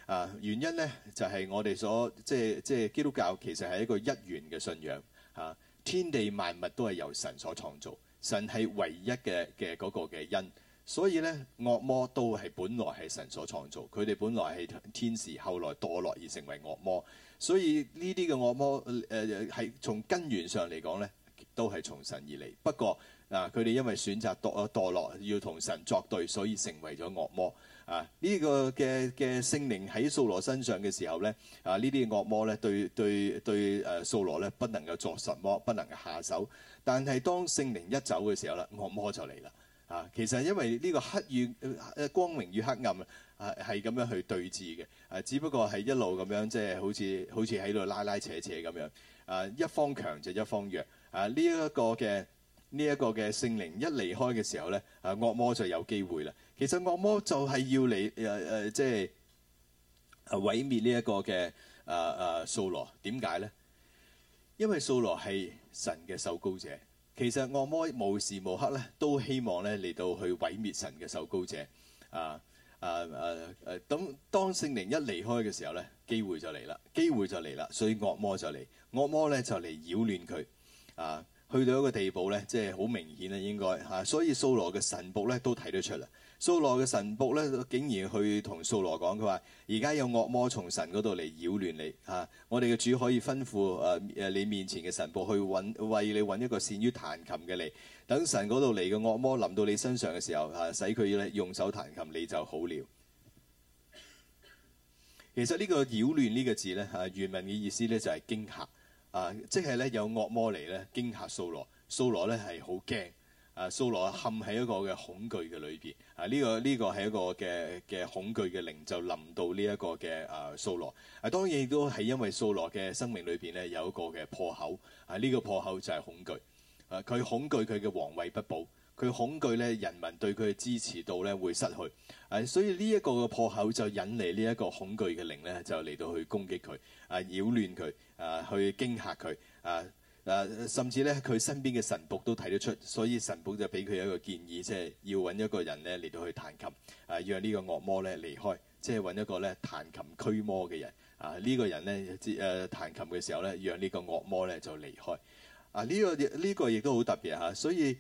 啊，原因咧就係我哋所即係即係基督教其實係一個一元嘅信仰。啊，天地萬物都係由神所創造。神係唯一嘅嘅嗰個嘅因，所以呢，惡魔都係本來係神所創造，佢哋本來係天使，後來墮落而成為惡魔。所以呢啲嘅惡魔誒係、呃、從根源上嚟講呢，都係從神而嚟。不過啊，佢哋因為選擇墮墮落，要同神作對，所以成為咗惡魔。啊，呢、呢個嘅嘅聖靈喺掃羅身上嘅時候呢，啊惡呢啲惡魔呢對對對誒掃羅呢不能夠作什麼，不能夠下手。但係當聖靈一走嘅時候咧，惡魔就嚟啦。啊，其實因為呢個黑暗誒光明與黑暗啊係咁樣去對峙嘅，啊只不過係一路咁樣即係好似好似喺度拉拉扯扯咁樣啊，一方強就一方弱啊。呢一個嘅呢一個嘅聖靈一離開嘅時候咧，啊惡魔就有機會啦。其實惡魔就係要嚟誒誒即係毀滅、啊啊、呢一個嘅誒誒掃羅。點解咧？因為掃羅係。神嘅受膏者，其實惡魔無時無刻咧都希望咧嚟到去毀滅神嘅受膏者啊啊啊！咁、啊啊、當聖靈一離開嘅時候咧，機會就嚟啦，機會就嚟啦，所以惡魔就嚟，惡魔咧就嚟擾亂佢啊！去到一個地步咧，即係好明顯啦，應該嚇、啊，所以掃羅嘅臣僕咧都睇得出啦。素羅嘅神僕咧，竟然去同素羅講，佢話：而家有惡魔從神嗰度嚟擾亂你啊！我哋嘅主可以吩咐誒誒、啊、你面前嘅神僕去揾，為你揾一個善於彈琴嘅你，等神嗰度嚟嘅惡魔臨到你身上嘅時候啊，使佢咧用手彈琴你就好了。其實呢個擾亂呢個字咧嚇，原文嘅意思咧就係驚嚇啊，即係咧有惡魔嚟咧驚嚇素羅，素羅咧係好驚。啊，掃羅陷喺一個嘅恐懼嘅裏邊，啊呢、這個呢、這個係一個嘅嘅恐懼嘅靈就臨到呢一個嘅啊掃羅，啊當然亦都係因為掃羅嘅生命裏邊咧有一個嘅破口，啊呢、這個破口就係恐懼，啊佢恐懼佢嘅皇位不保，佢恐懼咧人民對佢嘅支持度咧會失去，啊所以呢一個嘅破口就引嚟呢一個恐懼嘅靈呢就嚟到去攻擊佢，啊擾亂佢，啊去驚嚇佢，啊。誒甚至咧，佢身邊嘅神僕都睇得出，所以神僕就俾佢一個建議，即係要揾一個人咧嚟到去彈琴，啊，讓呢個惡魔咧離開，即係揾一個咧彈琴驅魔嘅人。啊，呢個人咧，誒彈琴嘅時候咧，讓呢個惡魔咧就離開。啊，呢個呢個亦都好特別嚇，所以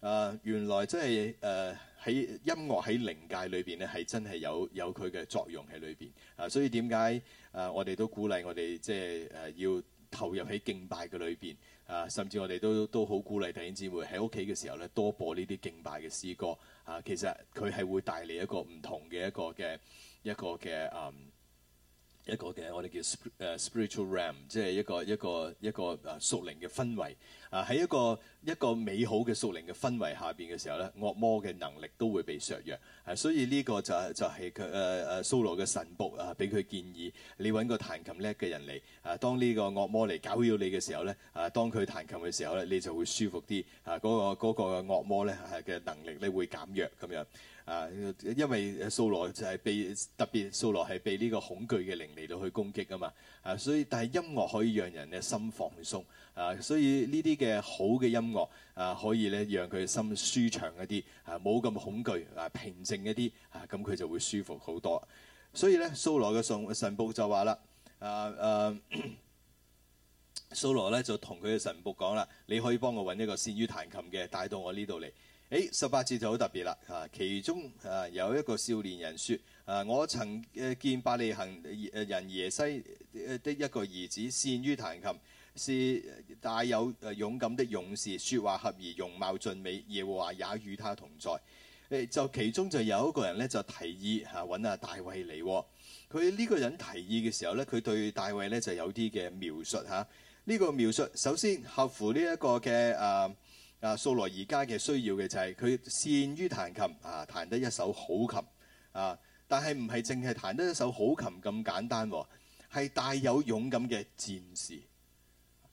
啊，原來即係誒喺音樂喺靈界裏邊咧，係真係有有佢嘅作用喺裏邊。啊，所以點解啊，誒我哋都鼓勵我哋即係誒要。投入喺敬拜嘅裏邊，啊，甚至我哋都都好鼓勵弟兄姊妹喺屋企嘅時候咧，多播呢啲敬拜嘅詩歌，啊，其實佢係會帶嚟，一個唔同嘅一個嘅一個嘅啊。嗯一個嘅我哋叫誒 spiritual realm，即係一個一個一個誒屬靈嘅氛圍。啊喺一個一個美好嘅屬靈嘅氛圍下邊嘅時候咧，惡魔嘅能力都會被削弱。啊，所以呢個就係就係佢誒誒掃羅嘅神僕啊，俾佢建議你搵個彈琴叻嘅人嚟。啊，當呢個惡魔嚟搞擾你嘅時候咧，啊當佢彈琴嘅時候咧，你就會舒服啲。啊，嗰個嗰個惡魔咧嘅能力咧會減弱咁樣。啊，因為掃羅就係被特別，掃羅係被呢個恐懼嘅靈嚟到去攻擊啊嘛，啊所以但係音樂可以讓人嘅心放鬆啊，所以呢啲嘅好嘅音樂啊，可以咧讓佢心舒暢一啲啊，冇咁恐懼啊，平靜一啲啊，咁佢就會舒服好多。所以咧，掃羅嘅神神僕就話啦，啊啊，掃羅咧就同佢嘅神僕講啦，你可以幫我揾一個善於彈琴嘅帶到我呢度嚟。誒十八字就好特別啦，嚇其中誒、啊、有一個少年人説：誒、啊、我曾誒見伯利恆誒人耶西誒的一個兒子善於彈琴，是大有誒勇敢的勇士，説話合宜容貌俊美，耶和華也與他同在。誒、哎、就其中就有一個人呢，就提議嚇揾阿大衛嚟、哦。佢呢個人提議嘅時候呢，佢對大衛呢就有啲嘅描述嚇。呢、啊呢個描述首先合乎呢一個嘅誒。啊啊，掃羅而家嘅需要嘅就係佢善於彈琴，啊，彈得一手好琴，啊，但係唔係淨係彈得一手好琴咁簡單，哦，係帶有勇敢嘅戰士，啊、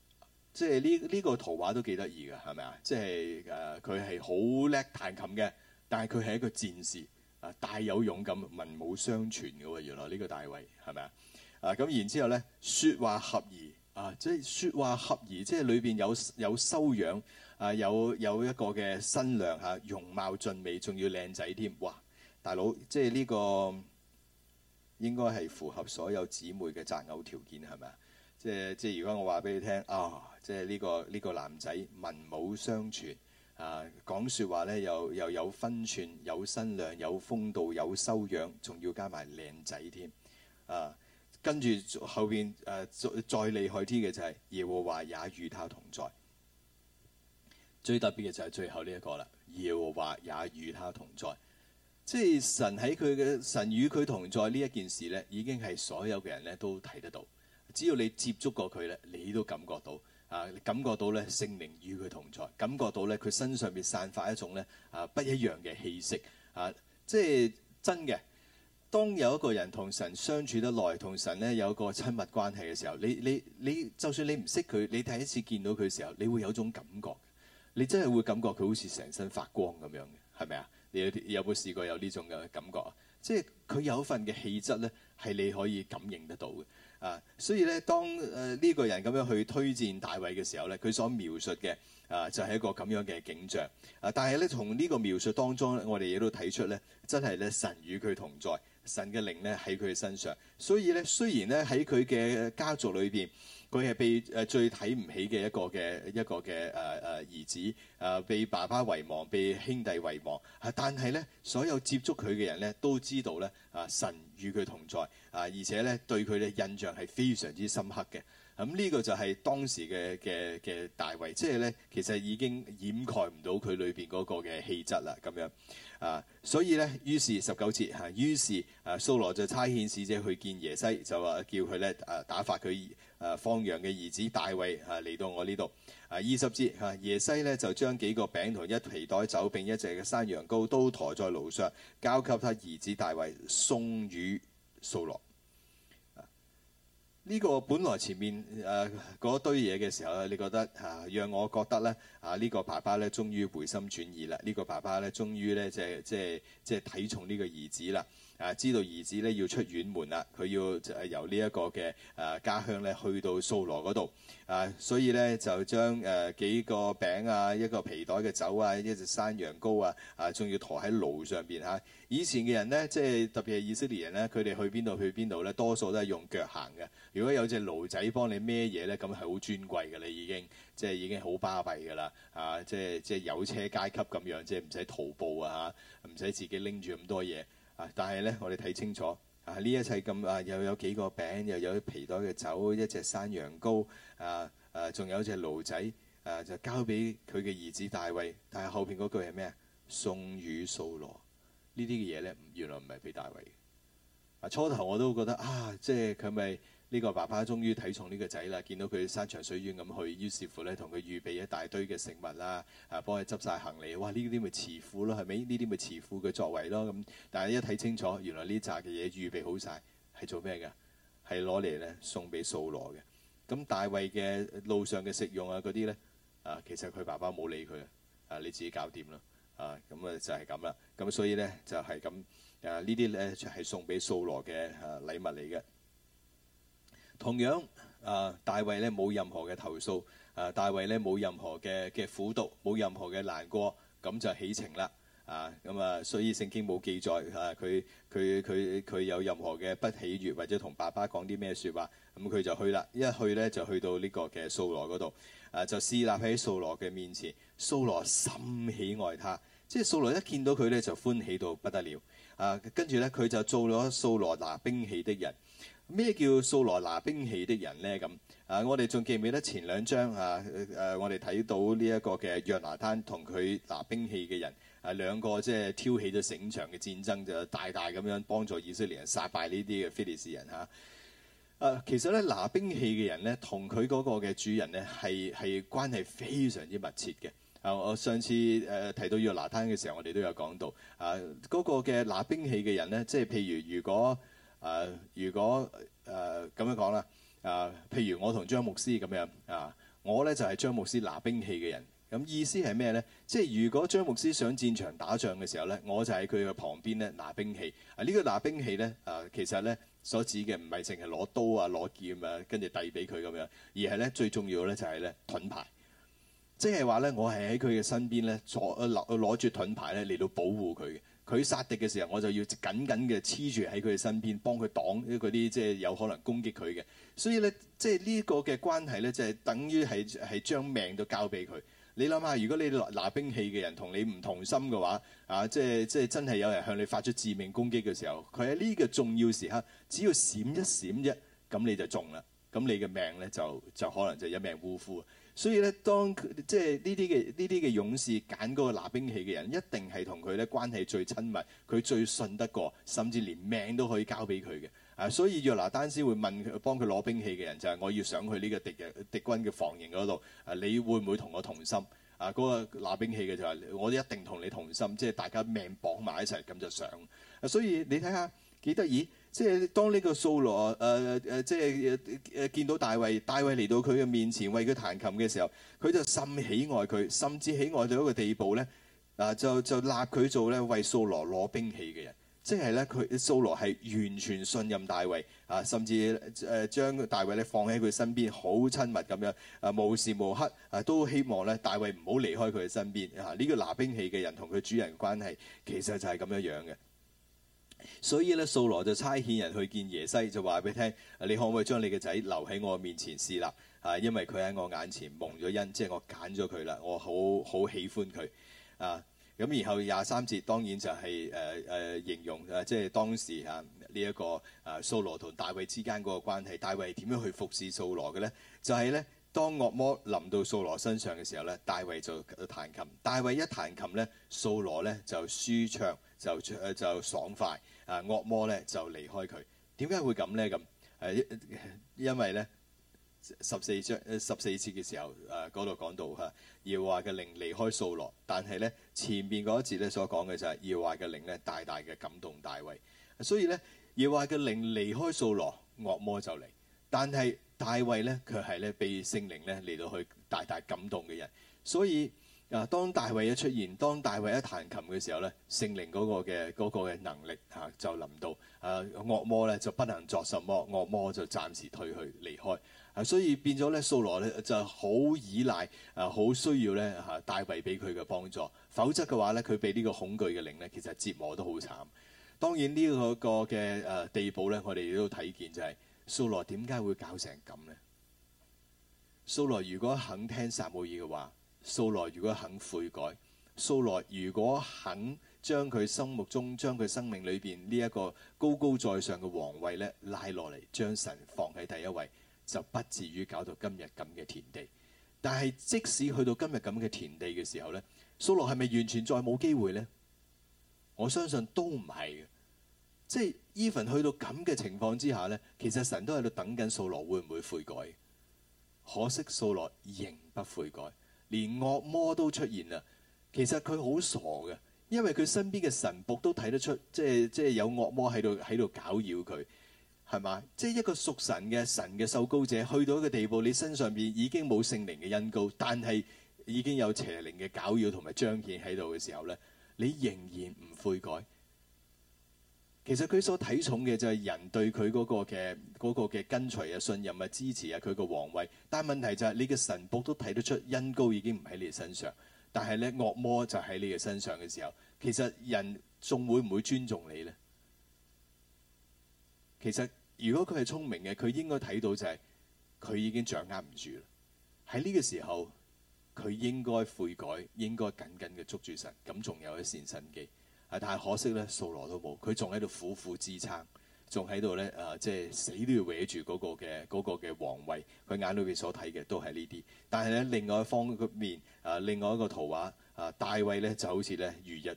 即係呢呢個圖畫都幾得意嘅，係咪啊？即係誒，佢係好叻彈琴嘅，但係佢係一個戰士，啊，帶有勇敢，文武相傳嘅，啊、原來呢個大衛係咪啊？啊，咁然之後咧，説話合宜。啊！即係説話合宜，即係裏邊有有修養啊，有有一個嘅身量，嚇、啊，容貌俊美，仲要靚仔添。哇！大佬，即係呢個應該係符合所有姊妹嘅擇偶條件係咪啊？即係即係，如果我話俾你聽啊，即係呢個呢個男仔文武雙全啊，講説話呢又又有分寸，有身量，有風度，有修養，仲要加埋靚仔添啊！跟住後邊誒、呃、再再厲害啲嘅就係耶和華也與他同在，最特別嘅就係最後呢一個啦。耶和華也與他同在，即係神喺佢嘅神與佢同在呢一件事呢，已經係所有嘅人呢都睇得到。只要你接觸過佢呢，你都感覺到啊，感覺到呢聖靈與佢同在，感覺到呢佢身上邊散發一種呢啊不一樣嘅氣息啊，即係真嘅。當有一個人同神相處得耐，同神咧有一個親密關係嘅時候，你你你就算你唔識佢，你第一次見到佢時候，你會有種感覺，你真係會感覺佢好似成身發光咁樣嘅，係咪啊？你有有冇試過有呢種嘅感覺啊？即係佢有一份嘅氣質咧，係你可以感應得到嘅啊。所以咧，當誒呢個人咁樣去推薦大衛嘅時候咧，佢所描述嘅啊就係一個咁樣嘅景象啊。但係咧，從呢個描述當中咧，我哋亦都睇出咧，真係咧神與佢同在。神嘅靈咧喺佢嘅身上，所以咧雖然咧喺佢嘅家族裏邊，佢係被誒最睇唔起嘅一個嘅一個嘅誒誒兒子，誒、啊、被爸爸遺忘，被兄弟遺忘，啊、但係咧所有接觸佢嘅人咧都知道咧，啊神與佢同在，啊而且咧對佢嘅印象係非常之深刻嘅。咁、啊、呢、這個就係當時嘅嘅嘅大衛，即係咧其實已經掩蓋唔到佢裏邊嗰個嘅氣質啦，咁樣。啊，所以咧，於是十九節嚇、啊，於是啊，掃羅就差遣使者去見耶西，就話、啊、叫佢咧啊，打發佢啊，放羊嘅兒子大衛嚇嚟、啊、到我呢度。啊，二十節嚇、啊，耶西咧就將幾個餅同一皮袋酒並一隻嘅山羊羔都抬在路上，交給他兒子大衛送與掃羅。呢個本來前面誒嗰、啊、堆嘢嘅時候咧，你覺得嚇、啊，讓我覺得咧嚇呢個爸爸咧，終於回心轉意啦，呢、這個爸爸咧，終於咧就即係即係睇重呢個兒子啦。啊！知道兒子咧要出遠門啦，佢要由呢一個嘅誒、啊、家鄉咧去到掃羅嗰度啊，所以咧就將誒、呃、幾個餅啊、一個皮袋嘅酒啊、一隻山羊羔啊啊，仲要抬喺驢上邊嚇、啊。以前嘅人呢，即係特別係以色列人呢，佢哋去邊度去邊度呢，多數都係用腳行嘅。如果有隻驢仔幫你孭嘢呢，咁係好尊貴嘅啦，已經即係已經好巴閉噶啦嚇，即係即係有車階級咁樣，即係唔使徒步啊嚇，唔、啊、使自己拎住咁多嘢。但係咧，我哋睇清楚啊！呢一切咁啊，又有幾個餅，又有皮袋嘅酒，一隻山羊羔，啊啊，仲有一隻驢仔，誒、啊、就交俾佢嘅兒子大衛。但係後邊嗰句係咩？送與掃羅呢啲嘅嘢咧，原來唔係俾大衛、啊。初頭我都覺得啊，即係佢咪，呢個爸爸終於睇重呢個仔啦，見到佢山長水遠咁去，於是乎咧同佢預備一大堆嘅食物啦，啊，幫佢執晒行李。哇！呢啲咪慈父咯，係咪？呢啲咪慈父嘅作為咯？咁但係一睇清楚，原來呢紮嘅嘢預備好晒，係做咩㗎？係攞嚟咧送俾掃羅嘅。咁、啊、大衛嘅路上嘅食用啊嗰啲咧啊，其實佢爸爸冇理佢啊，你自己搞掂咯啊。咁啊就係咁啦。咁所以咧就係咁啊，呢啲咧就係送俾掃羅嘅啊禮物嚟嘅。同樣，啊，大衛咧冇任何嘅投訴，啊，大衛咧冇任何嘅嘅苦毒，冇任何嘅難過，咁就起程啦，啊，咁啊，所以聖經冇記載啊，佢佢佢佢有任何嘅不喜悅或者同爸爸講啲咩説話，咁、啊、佢就去啦，一去咧就去到呢個嘅掃羅嗰度，啊，就侍立喺掃羅嘅面前，掃羅心喜愛他，即係掃羅一見到佢咧就歡喜到不得了。啊，跟住呢，佢就做咗掃羅拿兵器的人。咩叫掃羅拿兵器的人呢？咁啊，我哋仲記唔記得前兩章啊？誒、啊，我哋睇到呢一個嘅約拿單同佢拿兵器嘅人，係、啊、兩個即係挑起咗整場嘅戰爭，就大大咁樣幫助以色列人殺敗呢啲嘅非利士人嚇、啊。啊，其實呢，拿兵器嘅人呢，同佢嗰個嘅主人呢，係係關係非常之密切嘅。啊！我上次誒提到約拿單嘅時候，我哋都有講到啊，嗰、那個嘅拿兵器嘅人咧，即係譬如如果啊，如果誒咁、啊、樣講啦，啊，譬如我同張牧師咁樣啊，我咧就係、是、張牧師拿兵器嘅人。咁、啊、意思係咩咧？即係如果張牧師上戰場打仗嘅時候咧，我就喺佢嘅旁邊咧拿兵器。啊，呢、這個拿兵器咧啊，其實咧所指嘅唔係淨係攞刀啊、攞劍啊，跟住遞俾佢咁樣，而係咧最重要咧就係咧盾牌。即係話咧，我係喺佢嘅身邊咧，坐攞攞住盾牌咧嚟到保護佢嘅。佢殺敵嘅時候，我就要緊緊嘅黐住喺佢嘅身邊，幫佢擋嗰啲即係有可能攻擊佢嘅。所以咧，即係呢個嘅關係咧，就係等於係係將命都交俾佢。你諗下，如果你拿兵器嘅人同你唔同心嘅話，啊，即係即係真係有人向你發出致命攻擊嘅時候，佢喺呢個重要時刻，只要閃一閃啫，咁你就中啦，咁你嘅命咧就就可能就一命嗚呼。所以咧，當即係呢啲嘅呢啲嘅勇士揀嗰個拿兵器嘅人，一定係同佢咧關係最親密，佢最信得過，甚至連命都可以交俾佢嘅。啊，所以約拿單先會問佢，幫佢攞兵器嘅人就係：我要上去呢個敵人敵軍嘅防營嗰度。啊，你會唔會同我同心？啊，嗰個拿兵器嘅就話：我一定同你同心，即係大家命綁埋一齊咁就上。啊，所以你睇下幾得意。即係當呢個掃羅誒誒、呃，即係誒見到大衛，大衛嚟到佢嘅面前為佢彈琴嘅時候，佢就甚喜愛佢，甚至喜愛到一個地步咧，嗱、呃、就就立佢做咧為掃羅攞兵器嘅人，即係咧佢掃羅係完全信任大衛啊，甚至誒、呃、將大衛咧放喺佢身邊，好親密咁樣啊、呃，無時無刻啊都希望咧大衛唔好離開佢嘅身邊啊。呢、這個拿兵器嘅人同佢主人嘅關係其實就係咁樣樣嘅。所以咧，掃羅就差遣人去見耶西，就話俾你聽：你可唔可以將你嘅仔留喺我面前侍立？啊，因為佢喺我眼前蒙咗恩，即係我揀咗佢啦，我好好喜歡佢啊。咁然後廿三節當然就係誒誒形容，啊、即係當時啊呢一個啊掃羅同大衛之間嗰個關係。大衛點樣去服侍掃羅嘅呢？就係、是、呢，當惡魔臨到掃羅身上嘅時候呢，大衛就彈琴。大衛一彈琴呢，掃羅呢就舒暢，就就爽快。啊！惡魔咧就離開佢，點解會咁咧？咁、啊、係因為咧十四章十四節嘅時候，啊嗰度講到哈、啊，耶和華嘅靈離開掃羅，但係咧前面嗰一節咧所講嘅就係耶和華嘅靈咧大大嘅感動大衛，所以咧耶和華嘅靈離開掃羅，惡魔就嚟，但係大衛咧佢係咧被聖靈咧嚟到去大大感動嘅人，所以。啊！當大衛一出現，當大衛一彈琴嘅時候呢，聖靈嗰個嘅嗰個嘅能力嚇、啊、就臨到，啊惡魔呢就不能作什麼，惡魔就暫時退去離開。啊，所以變咗呢掃羅呢就好依賴啊，好需要呢嚇大衛俾佢嘅幫助，否則嘅話呢佢俾呢個恐懼嘅靈呢，其實折磨都好慘。當然呢、呢個嘅誒、嗰個、地步呢，我哋都睇見就係、是、掃羅點解會搞成咁呢？掃羅如果肯聽撒母耳嘅話。掃羅如果肯悔改，掃羅如果肯將佢心目中，將佢生命裏邊呢一個高高在上嘅皇位咧拉落嚟，將神放喺第一位，就不至於搞到今日咁嘅田地。但係即使去到今日咁嘅田地嘅時候呢，掃羅係咪完全再冇機會呢？我相信都唔係，即係 even 去到咁嘅情況之下呢，其實神都喺度等緊掃羅會唔會悔改？可惜掃羅仍不悔改。連惡魔都出現啦！其實佢好傻嘅，因為佢身邊嘅神僕都睇得出，即係即係有惡魔喺度喺度攪擾佢，係嘛？即係一個屬神嘅神嘅受膏者，去到一個地步，你身上邊已經冇聖靈嘅恩膏，但係已經有邪靈嘅攪擾同埋彰顯喺度嘅時候咧，你仍然唔悔改。其實佢所睇重嘅就係人對佢嗰個嘅嗰個嘅跟隨啊、信任啊、支持啊，佢個皇位。但係問題就係你嘅神僕都睇得出，恩膏已經唔喺你身上。但係咧，惡魔就喺你嘅身上嘅時候，其實人仲會唔會尊重你呢？其實如果佢係聰明嘅，佢應該睇到就係佢已經掌握唔住啦。喺呢個時候，佢應該悔改，應該緊緊嘅捉住神，咁仲有一線生機。但可惜呢，掃羅都冇，佢仲喺度苦苦支撐，仲喺度咧，即、呃、係、就是、死都要搲住嗰個嘅嗰、那個嘅王位，佢眼裏面所睇嘅都係呢啲。但係呢，另外一方面，誒、呃，另外一個圖畫。啊，大衛咧就好似咧如日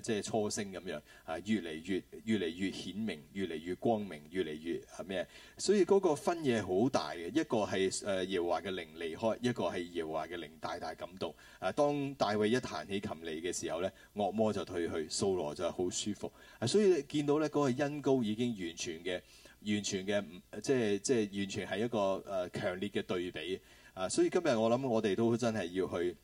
即即初升咁樣，啊，越嚟越越嚟越顯明，越嚟越光明，越嚟越係咩？所以嗰個分野好大嘅，一個係誒耶和華嘅靈離開，一個係耶和華嘅靈大大感動。啊，當大衛一彈起琴嚟嘅時候咧，惡魔就退去，掃羅就好舒服。啊，所以呢，見到咧嗰、那個恩膏已經完全嘅、完全嘅，即即完全係一個誒、呃、強烈嘅對比。啊，所以今日我諗我哋都真係要去。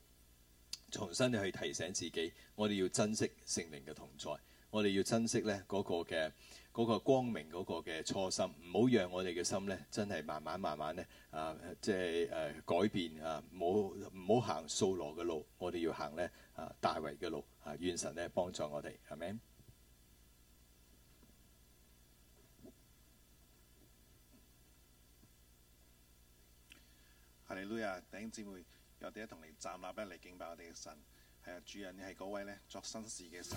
重新去提醒自己，我哋要珍惜聖靈嘅同在，我哋要珍惜咧嗰個嘅嗰、嗰個、光明嗰、嗰個嘅初心，唔好讓我哋嘅心咧真係慢慢慢慢咧啊，即係誒改變啊，冇唔好行掃羅嘅路，我哋要行咧啊大衞嘅路啊，願神咧幫助我哋，係咪？哈利路亞，弟兄姊妹。有啲一同你站立，一嚟敬拜我哋嘅神，係啊，主人，你係嗰位咧作新事嘅神，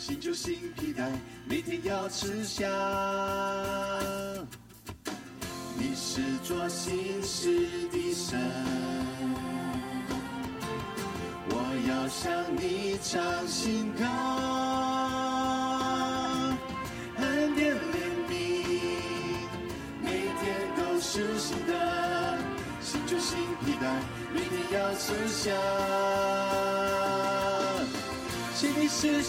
新酒新皮袋，每天要吃香。你是做新事的神，我要向你唱新歌。祂的憐憫，每天都是新的。新酒新皮袋，每天要吃香。新的是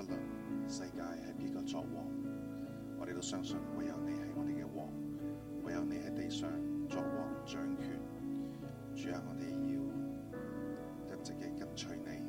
不論世界係邊個作王，我哋都相信唯有你係我哋嘅王，唯有你喺地上作王掌權，主啊，我哋要一直嘅跟隨你。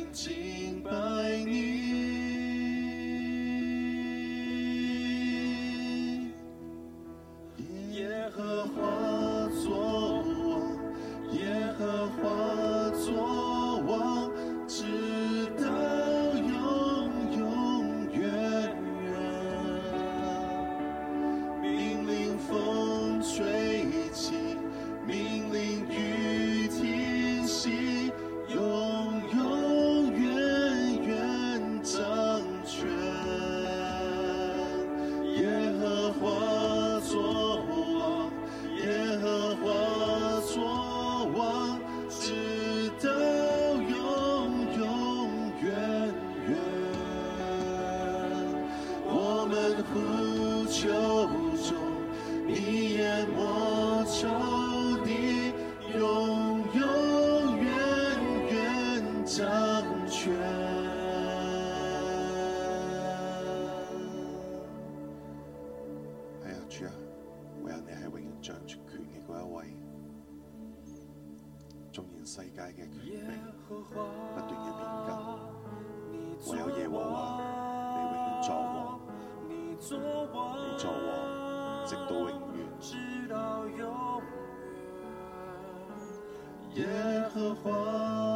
耶和華。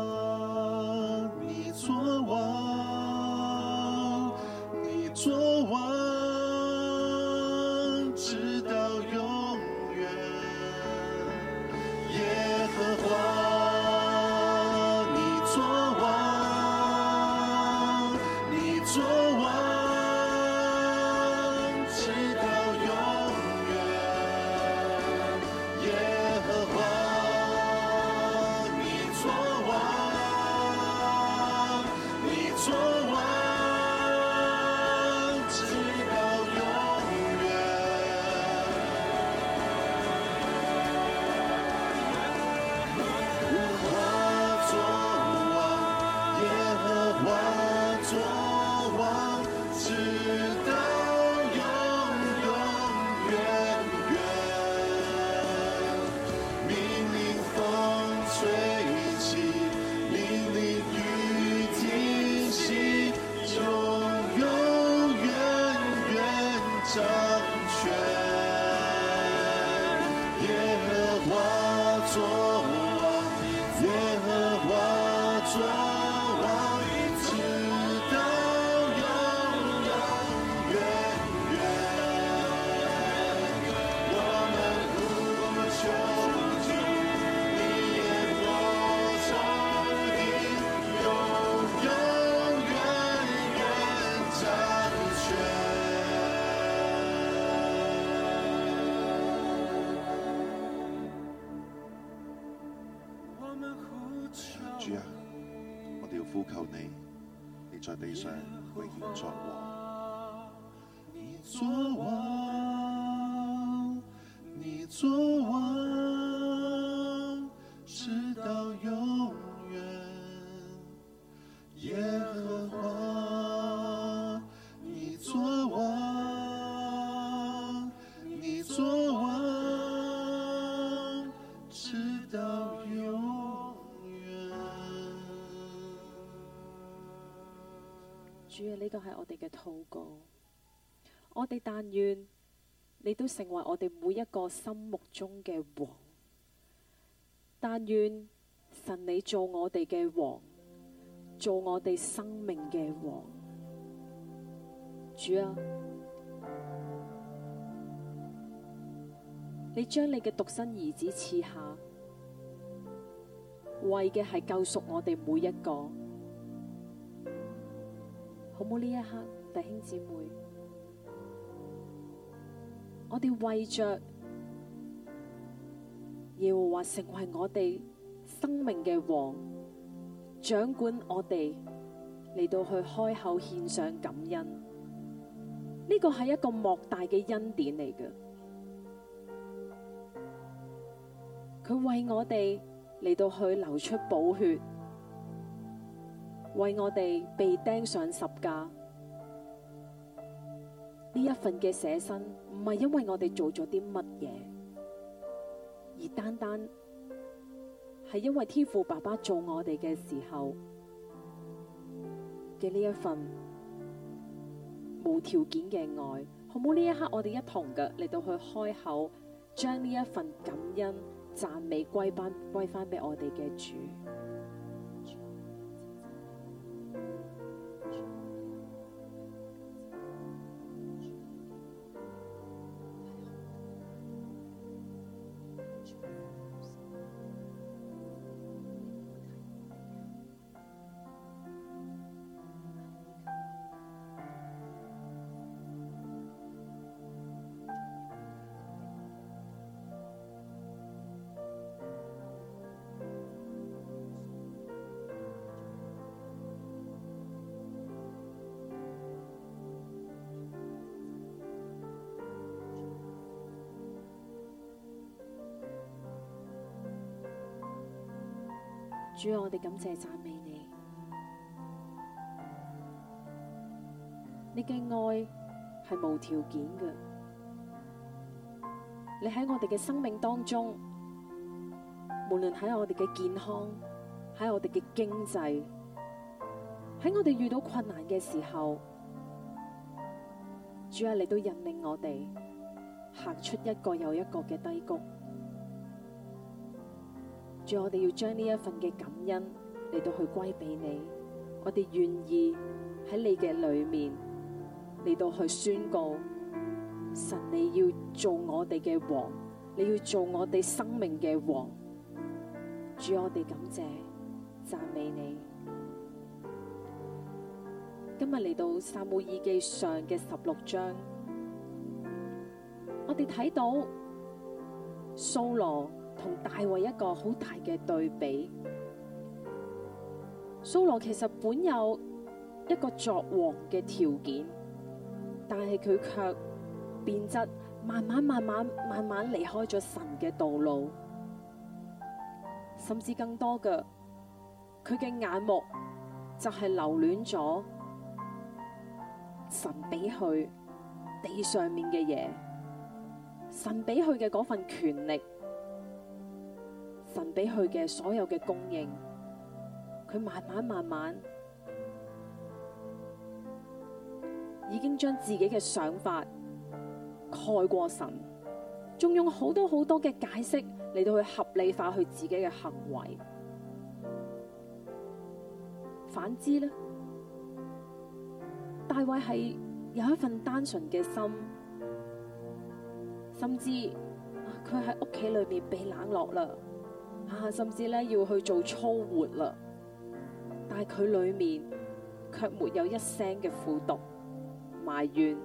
耶和華，你作王，你作王，直到永遠。主啊，呢個係我哋嘅禱告，我哋但願你都成為我哋每一個心目中嘅王，但願神你做我哋嘅王。做我哋生命嘅王，主啊，你將你嘅獨生兒子賜下，為嘅係救贖我哋每一個，好冇？呢一刻，弟兄姊妹，我哋為着耶和華成為我哋生命嘅王。掌管我哋嚟到去開口獻上感恩，呢個係一個莫大嘅恩典嚟嘅。佢為我哋嚟到去流出寶血，為我哋被釘上十架，呢一份嘅捨身唔係因為我哋做咗啲乜嘢，而單單。係因為天父爸爸做我哋嘅時候嘅呢一份無條件嘅愛，好冇？呢一刻我哋一同嘅嚟到去開口，將呢一份感恩讚美歸翻歸翻俾我哋嘅主。主啊，我哋感謝讚美你，你嘅愛係無條件嘅。你喺我哋嘅生命當中，無論喺我哋嘅健康，喺我哋嘅經濟，喺我哋遇到困難嘅時候，主啊，你都引領我哋行出一個又一個嘅低谷。主，我哋要將呢一份嘅感恩嚟到去歸俾你，我哋願意喺你嘅裏面嚟到去宣告，神，你要做我哋嘅王，你要做我哋生命嘅王。主，我哋感謝讚美你。今日嚟到撒母耳記上嘅十六章，我哋睇到掃羅。同大衛一個好大嘅對比，掃羅其實本有一個作王嘅條件，但係佢卻變質，慢慢、慢慢、慢慢離開咗神嘅道路，甚至更多嘅，佢嘅眼目就係留戀咗神俾佢地上面嘅嘢，神俾佢嘅嗰份權力。神俾佢嘅所有嘅供應，佢慢慢慢慢已經將自己嘅想法蓋過神，仲用好多好多嘅解釋嚟到去合理化佢自己嘅行為。反之呢，大衛係有一份單純嘅心，甚至佢喺屋企裏面被冷落啦。啊！甚至咧要去做粗活啦，但係佢裏面卻沒有一聲嘅苦毒埋怨。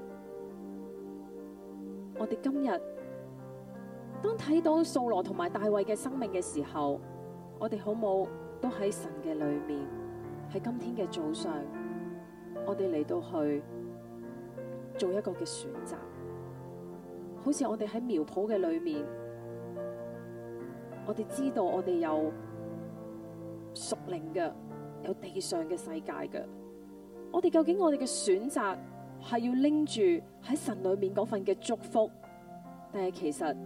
我哋今日當睇到掃羅同埋大衛嘅生命嘅時候，我哋好冇都喺神嘅裏面。喺今天嘅早上，我哋嚟到去做一個嘅選擇，好似我哋喺苗圃嘅裏面。我哋知道，我哋有屬靈嘅，有地上嘅世界嘅。我哋究竟我哋嘅選擇係要拎住，喺神裏面嗰份嘅祝福，但係其實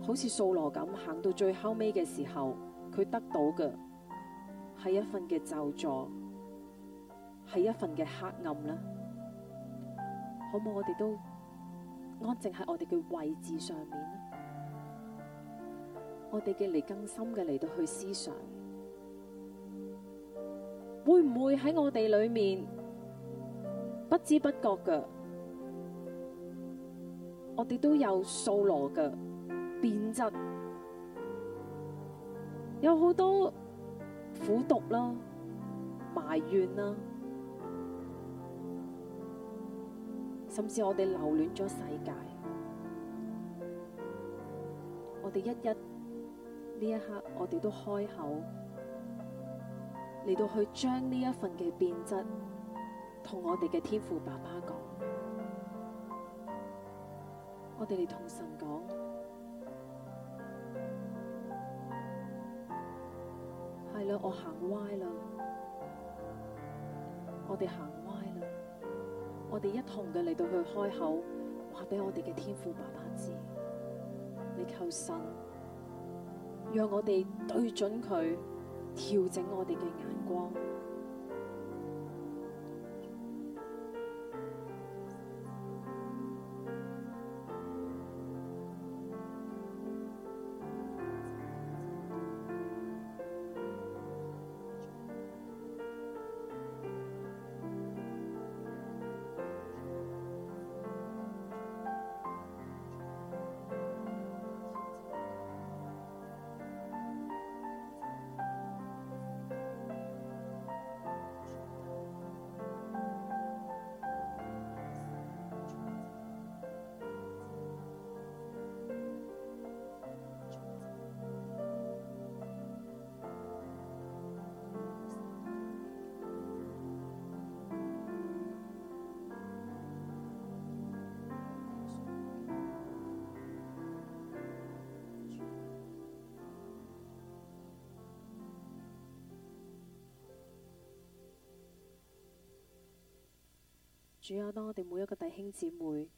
好似掃羅咁行到最後尾嘅時候，佢得到嘅係一份嘅咒詛，係一份嘅黑暗啦。好唔好我哋都安靜喺我哋嘅位置上面？我哋嘅嚟更深嘅嚟到去思想，會唔會喺我哋裏面不知不覺嘅，我哋都有掃羅嘅變質，有好多苦毒啦、埋怨啦，甚至我哋留戀咗世界，我哋一一。呢一刻，我哋都開口嚟到去將呢一份嘅變質，同我哋嘅天父爸爸講。我哋嚟同神講，係啦，我行歪啦，我哋行歪啦，我哋一同嘅嚟到去開口話俾我哋嘅天父爸爸知，你求神。讓我哋對準佢，調整我哋嘅眼光。仲有當我哋每一個弟兄姊妹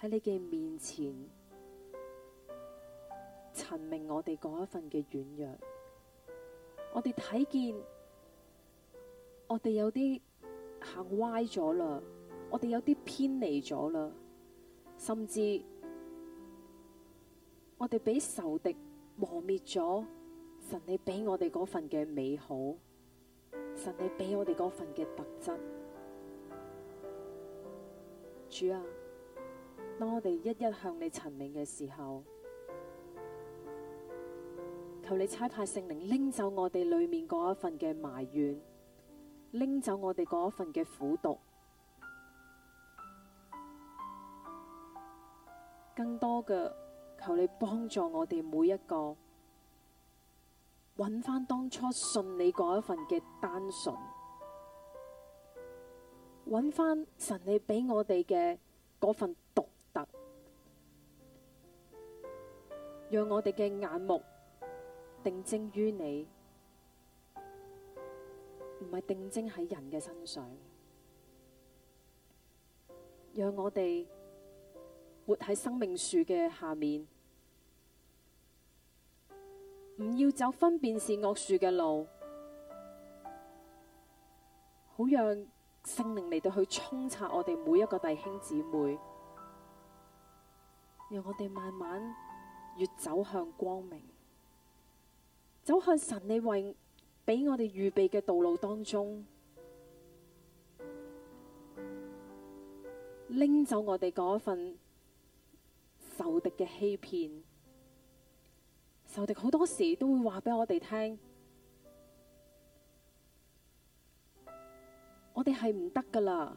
喺你嘅面前，陳明我哋嗰一份嘅軟弱，我哋睇見，我哋有啲行歪咗啦，我哋有啲偏離咗啦，甚至我哋俾仇敵磨滅咗，神你俾我哋嗰份嘅美好，神你俾我哋嗰份嘅特質。主啊，當我哋一一向你陳明嘅時候，求你差派聖靈拎走我哋裏面嗰一份嘅埋怨，拎走我哋嗰一份嘅苦毒，更多嘅求你幫助我哋每一個，揾翻當初信你嗰一份嘅單純。揾翻神你俾我哋嘅嗰份獨特，讓我哋嘅眼目定睛於你，唔係定睛喺人嘅身上。讓我哋活喺生命樹嘅下面，唔要走分辨善惡樹嘅路，好讓。聖靈嚟到去沖刷我哋每一個弟兄姊妹，讓我哋慢慢越走向光明，走向神你為俾我哋預備嘅道路當中，拎走我哋嗰份仇敵嘅欺騙，仇敵好多時都會話俾我哋聽。我哋係唔得㗎喇！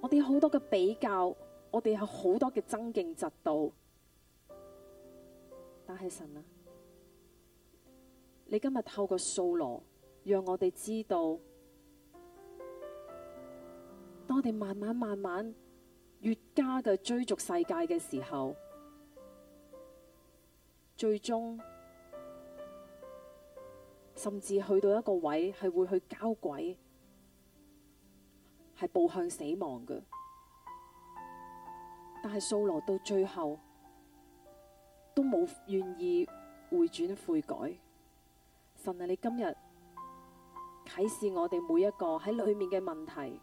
我哋好多嘅比較，我哋有好多嘅爭競嫉妒。但係神啊，你今日透過掃羅，讓我哋知道，當我哋慢慢慢慢越加嘅追逐世界嘅時候，最終甚至去到一個位係會去交鬼。係步向死亡嘅，但係掃羅到最後都冇願意回轉悔改。神啊，你今日啟示我哋每一個喺裏面嘅問題，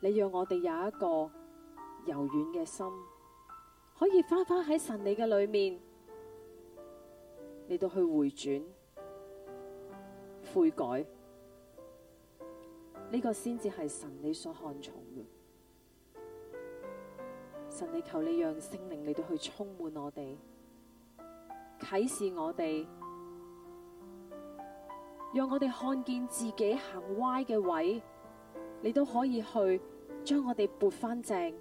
你讓我哋有一個柔軟嘅心，可以翻返喺神你嘅裏面嚟到去回轉悔改。呢個先至係神你所看重嘅，神你求你讓聖靈你都去充滿我哋，啟示我哋，讓我哋看見自己行歪嘅位，你都可以去將我哋撥返正，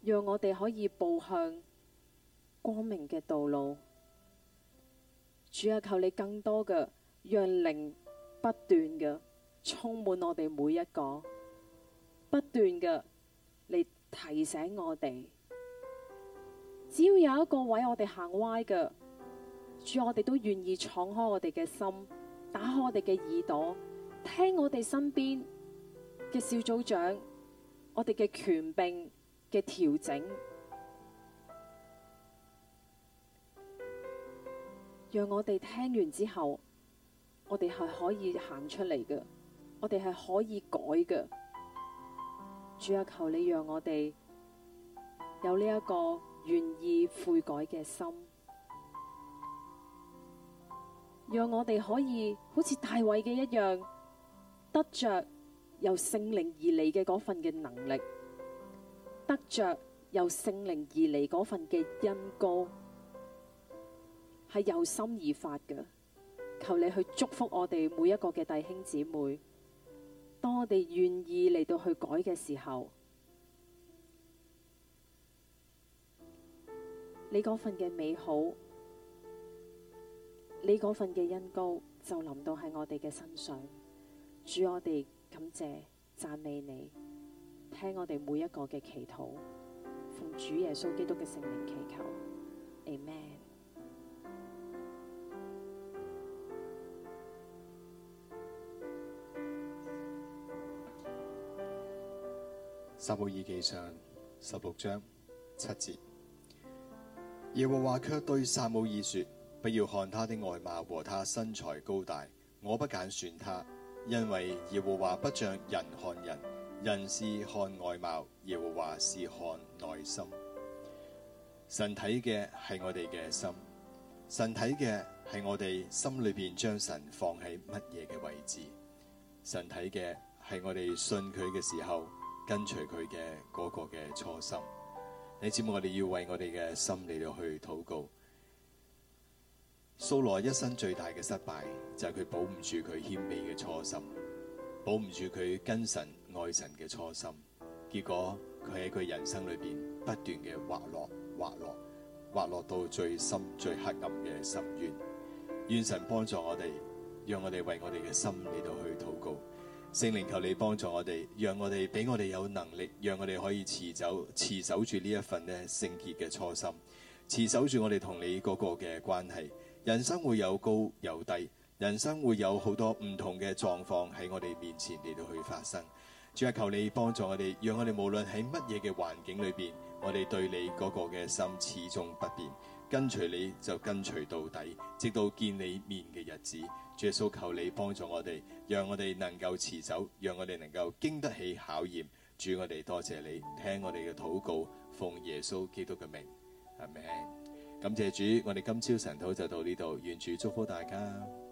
讓我哋可以步向光明嘅道路。主啊，求你更多嘅，讓靈不斷嘅。充滿我哋每一個，不斷嘅嚟提醒我哋，只要有一個位我哋行歪嘅，主，我哋都願意敞開我哋嘅心，打開我哋嘅耳朵，聽我哋身邊嘅小組長，我哋嘅權柄嘅調整，讓我哋聽完之後，我哋係可以行出嚟嘅。我哋係可以改嘅，主啊，求你讓我哋有呢一個願意悔改嘅心，讓我哋可以好似大衛嘅一樣，得着由聖靈而嚟嘅嗰份嘅能力，得着由聖靈而嚟嗰份嘅恩歌，係由心而發嘅，求你去祝福我哋每一個嘅弟兄姊妹。當我哋願意嚟到去改嘅時候，你嗰份嘅美好，你嗰份嘅恩膏，就臨到喺我哋嘅身上。主，我哋感謝讚美你，聽我哋每一個嘅祈禱，奉主耶穌基督嘅聖靈祈求，Amen. 撒母耳記上十六章七節，耶和華卻對撒母耳說：不要看他的外貌和他身材高大，我不揀選他，因為耶和華不像人看人，人是看外貌，耶和華是看內心。神睇嘅係我哋嘅心，神睇嘅係我哋心裏邊將神放喺乜嘢嘅位置，神睇嘅係我哋信佢嘅時候。跟隨佢嘅嗰個嘅初心，你知冇？我哋要為我哋嘅心嚟到去禱告。掃羅一生最大嘅失敗就係佢保唔住佢謙卑嘅初心，保唔住佢跟神愛神嘅初心，結果佢喺佢人生裏邊不斷嘅滑落滑落滑落到最深最黑暗嘅深淵。願神幫助我哋，讓我哋為我哋嘅心嚟到去禱告。聖靈，求你幫助我哋，讓我哋俾我哋有能力，讓我哋可以持走、持守住呢一份咧聖潔嘅初心，持守住我哋同你嗰個嘅關係。人生會有高有低，人生會有好多唔同嘅狀況喺我哋面前嚟到去發生。主係，求你幫助我哋，讓我哋無論喺乜嘢嘅環境裏邊，我哋對你嗰個嘅心始終不變，跟隨你就跟隨到底，直到見你面嘅日子。主耶穌，求你幫助我哋，讓我哋能夠持久，讓我哋能夠經得起考驗。主，我哋多謝你，聽我哋嘅禱告，奉耶穌基督嘅名，阿門。感謝主，我哋今朝晨禱就到呢度，願主祝福大家。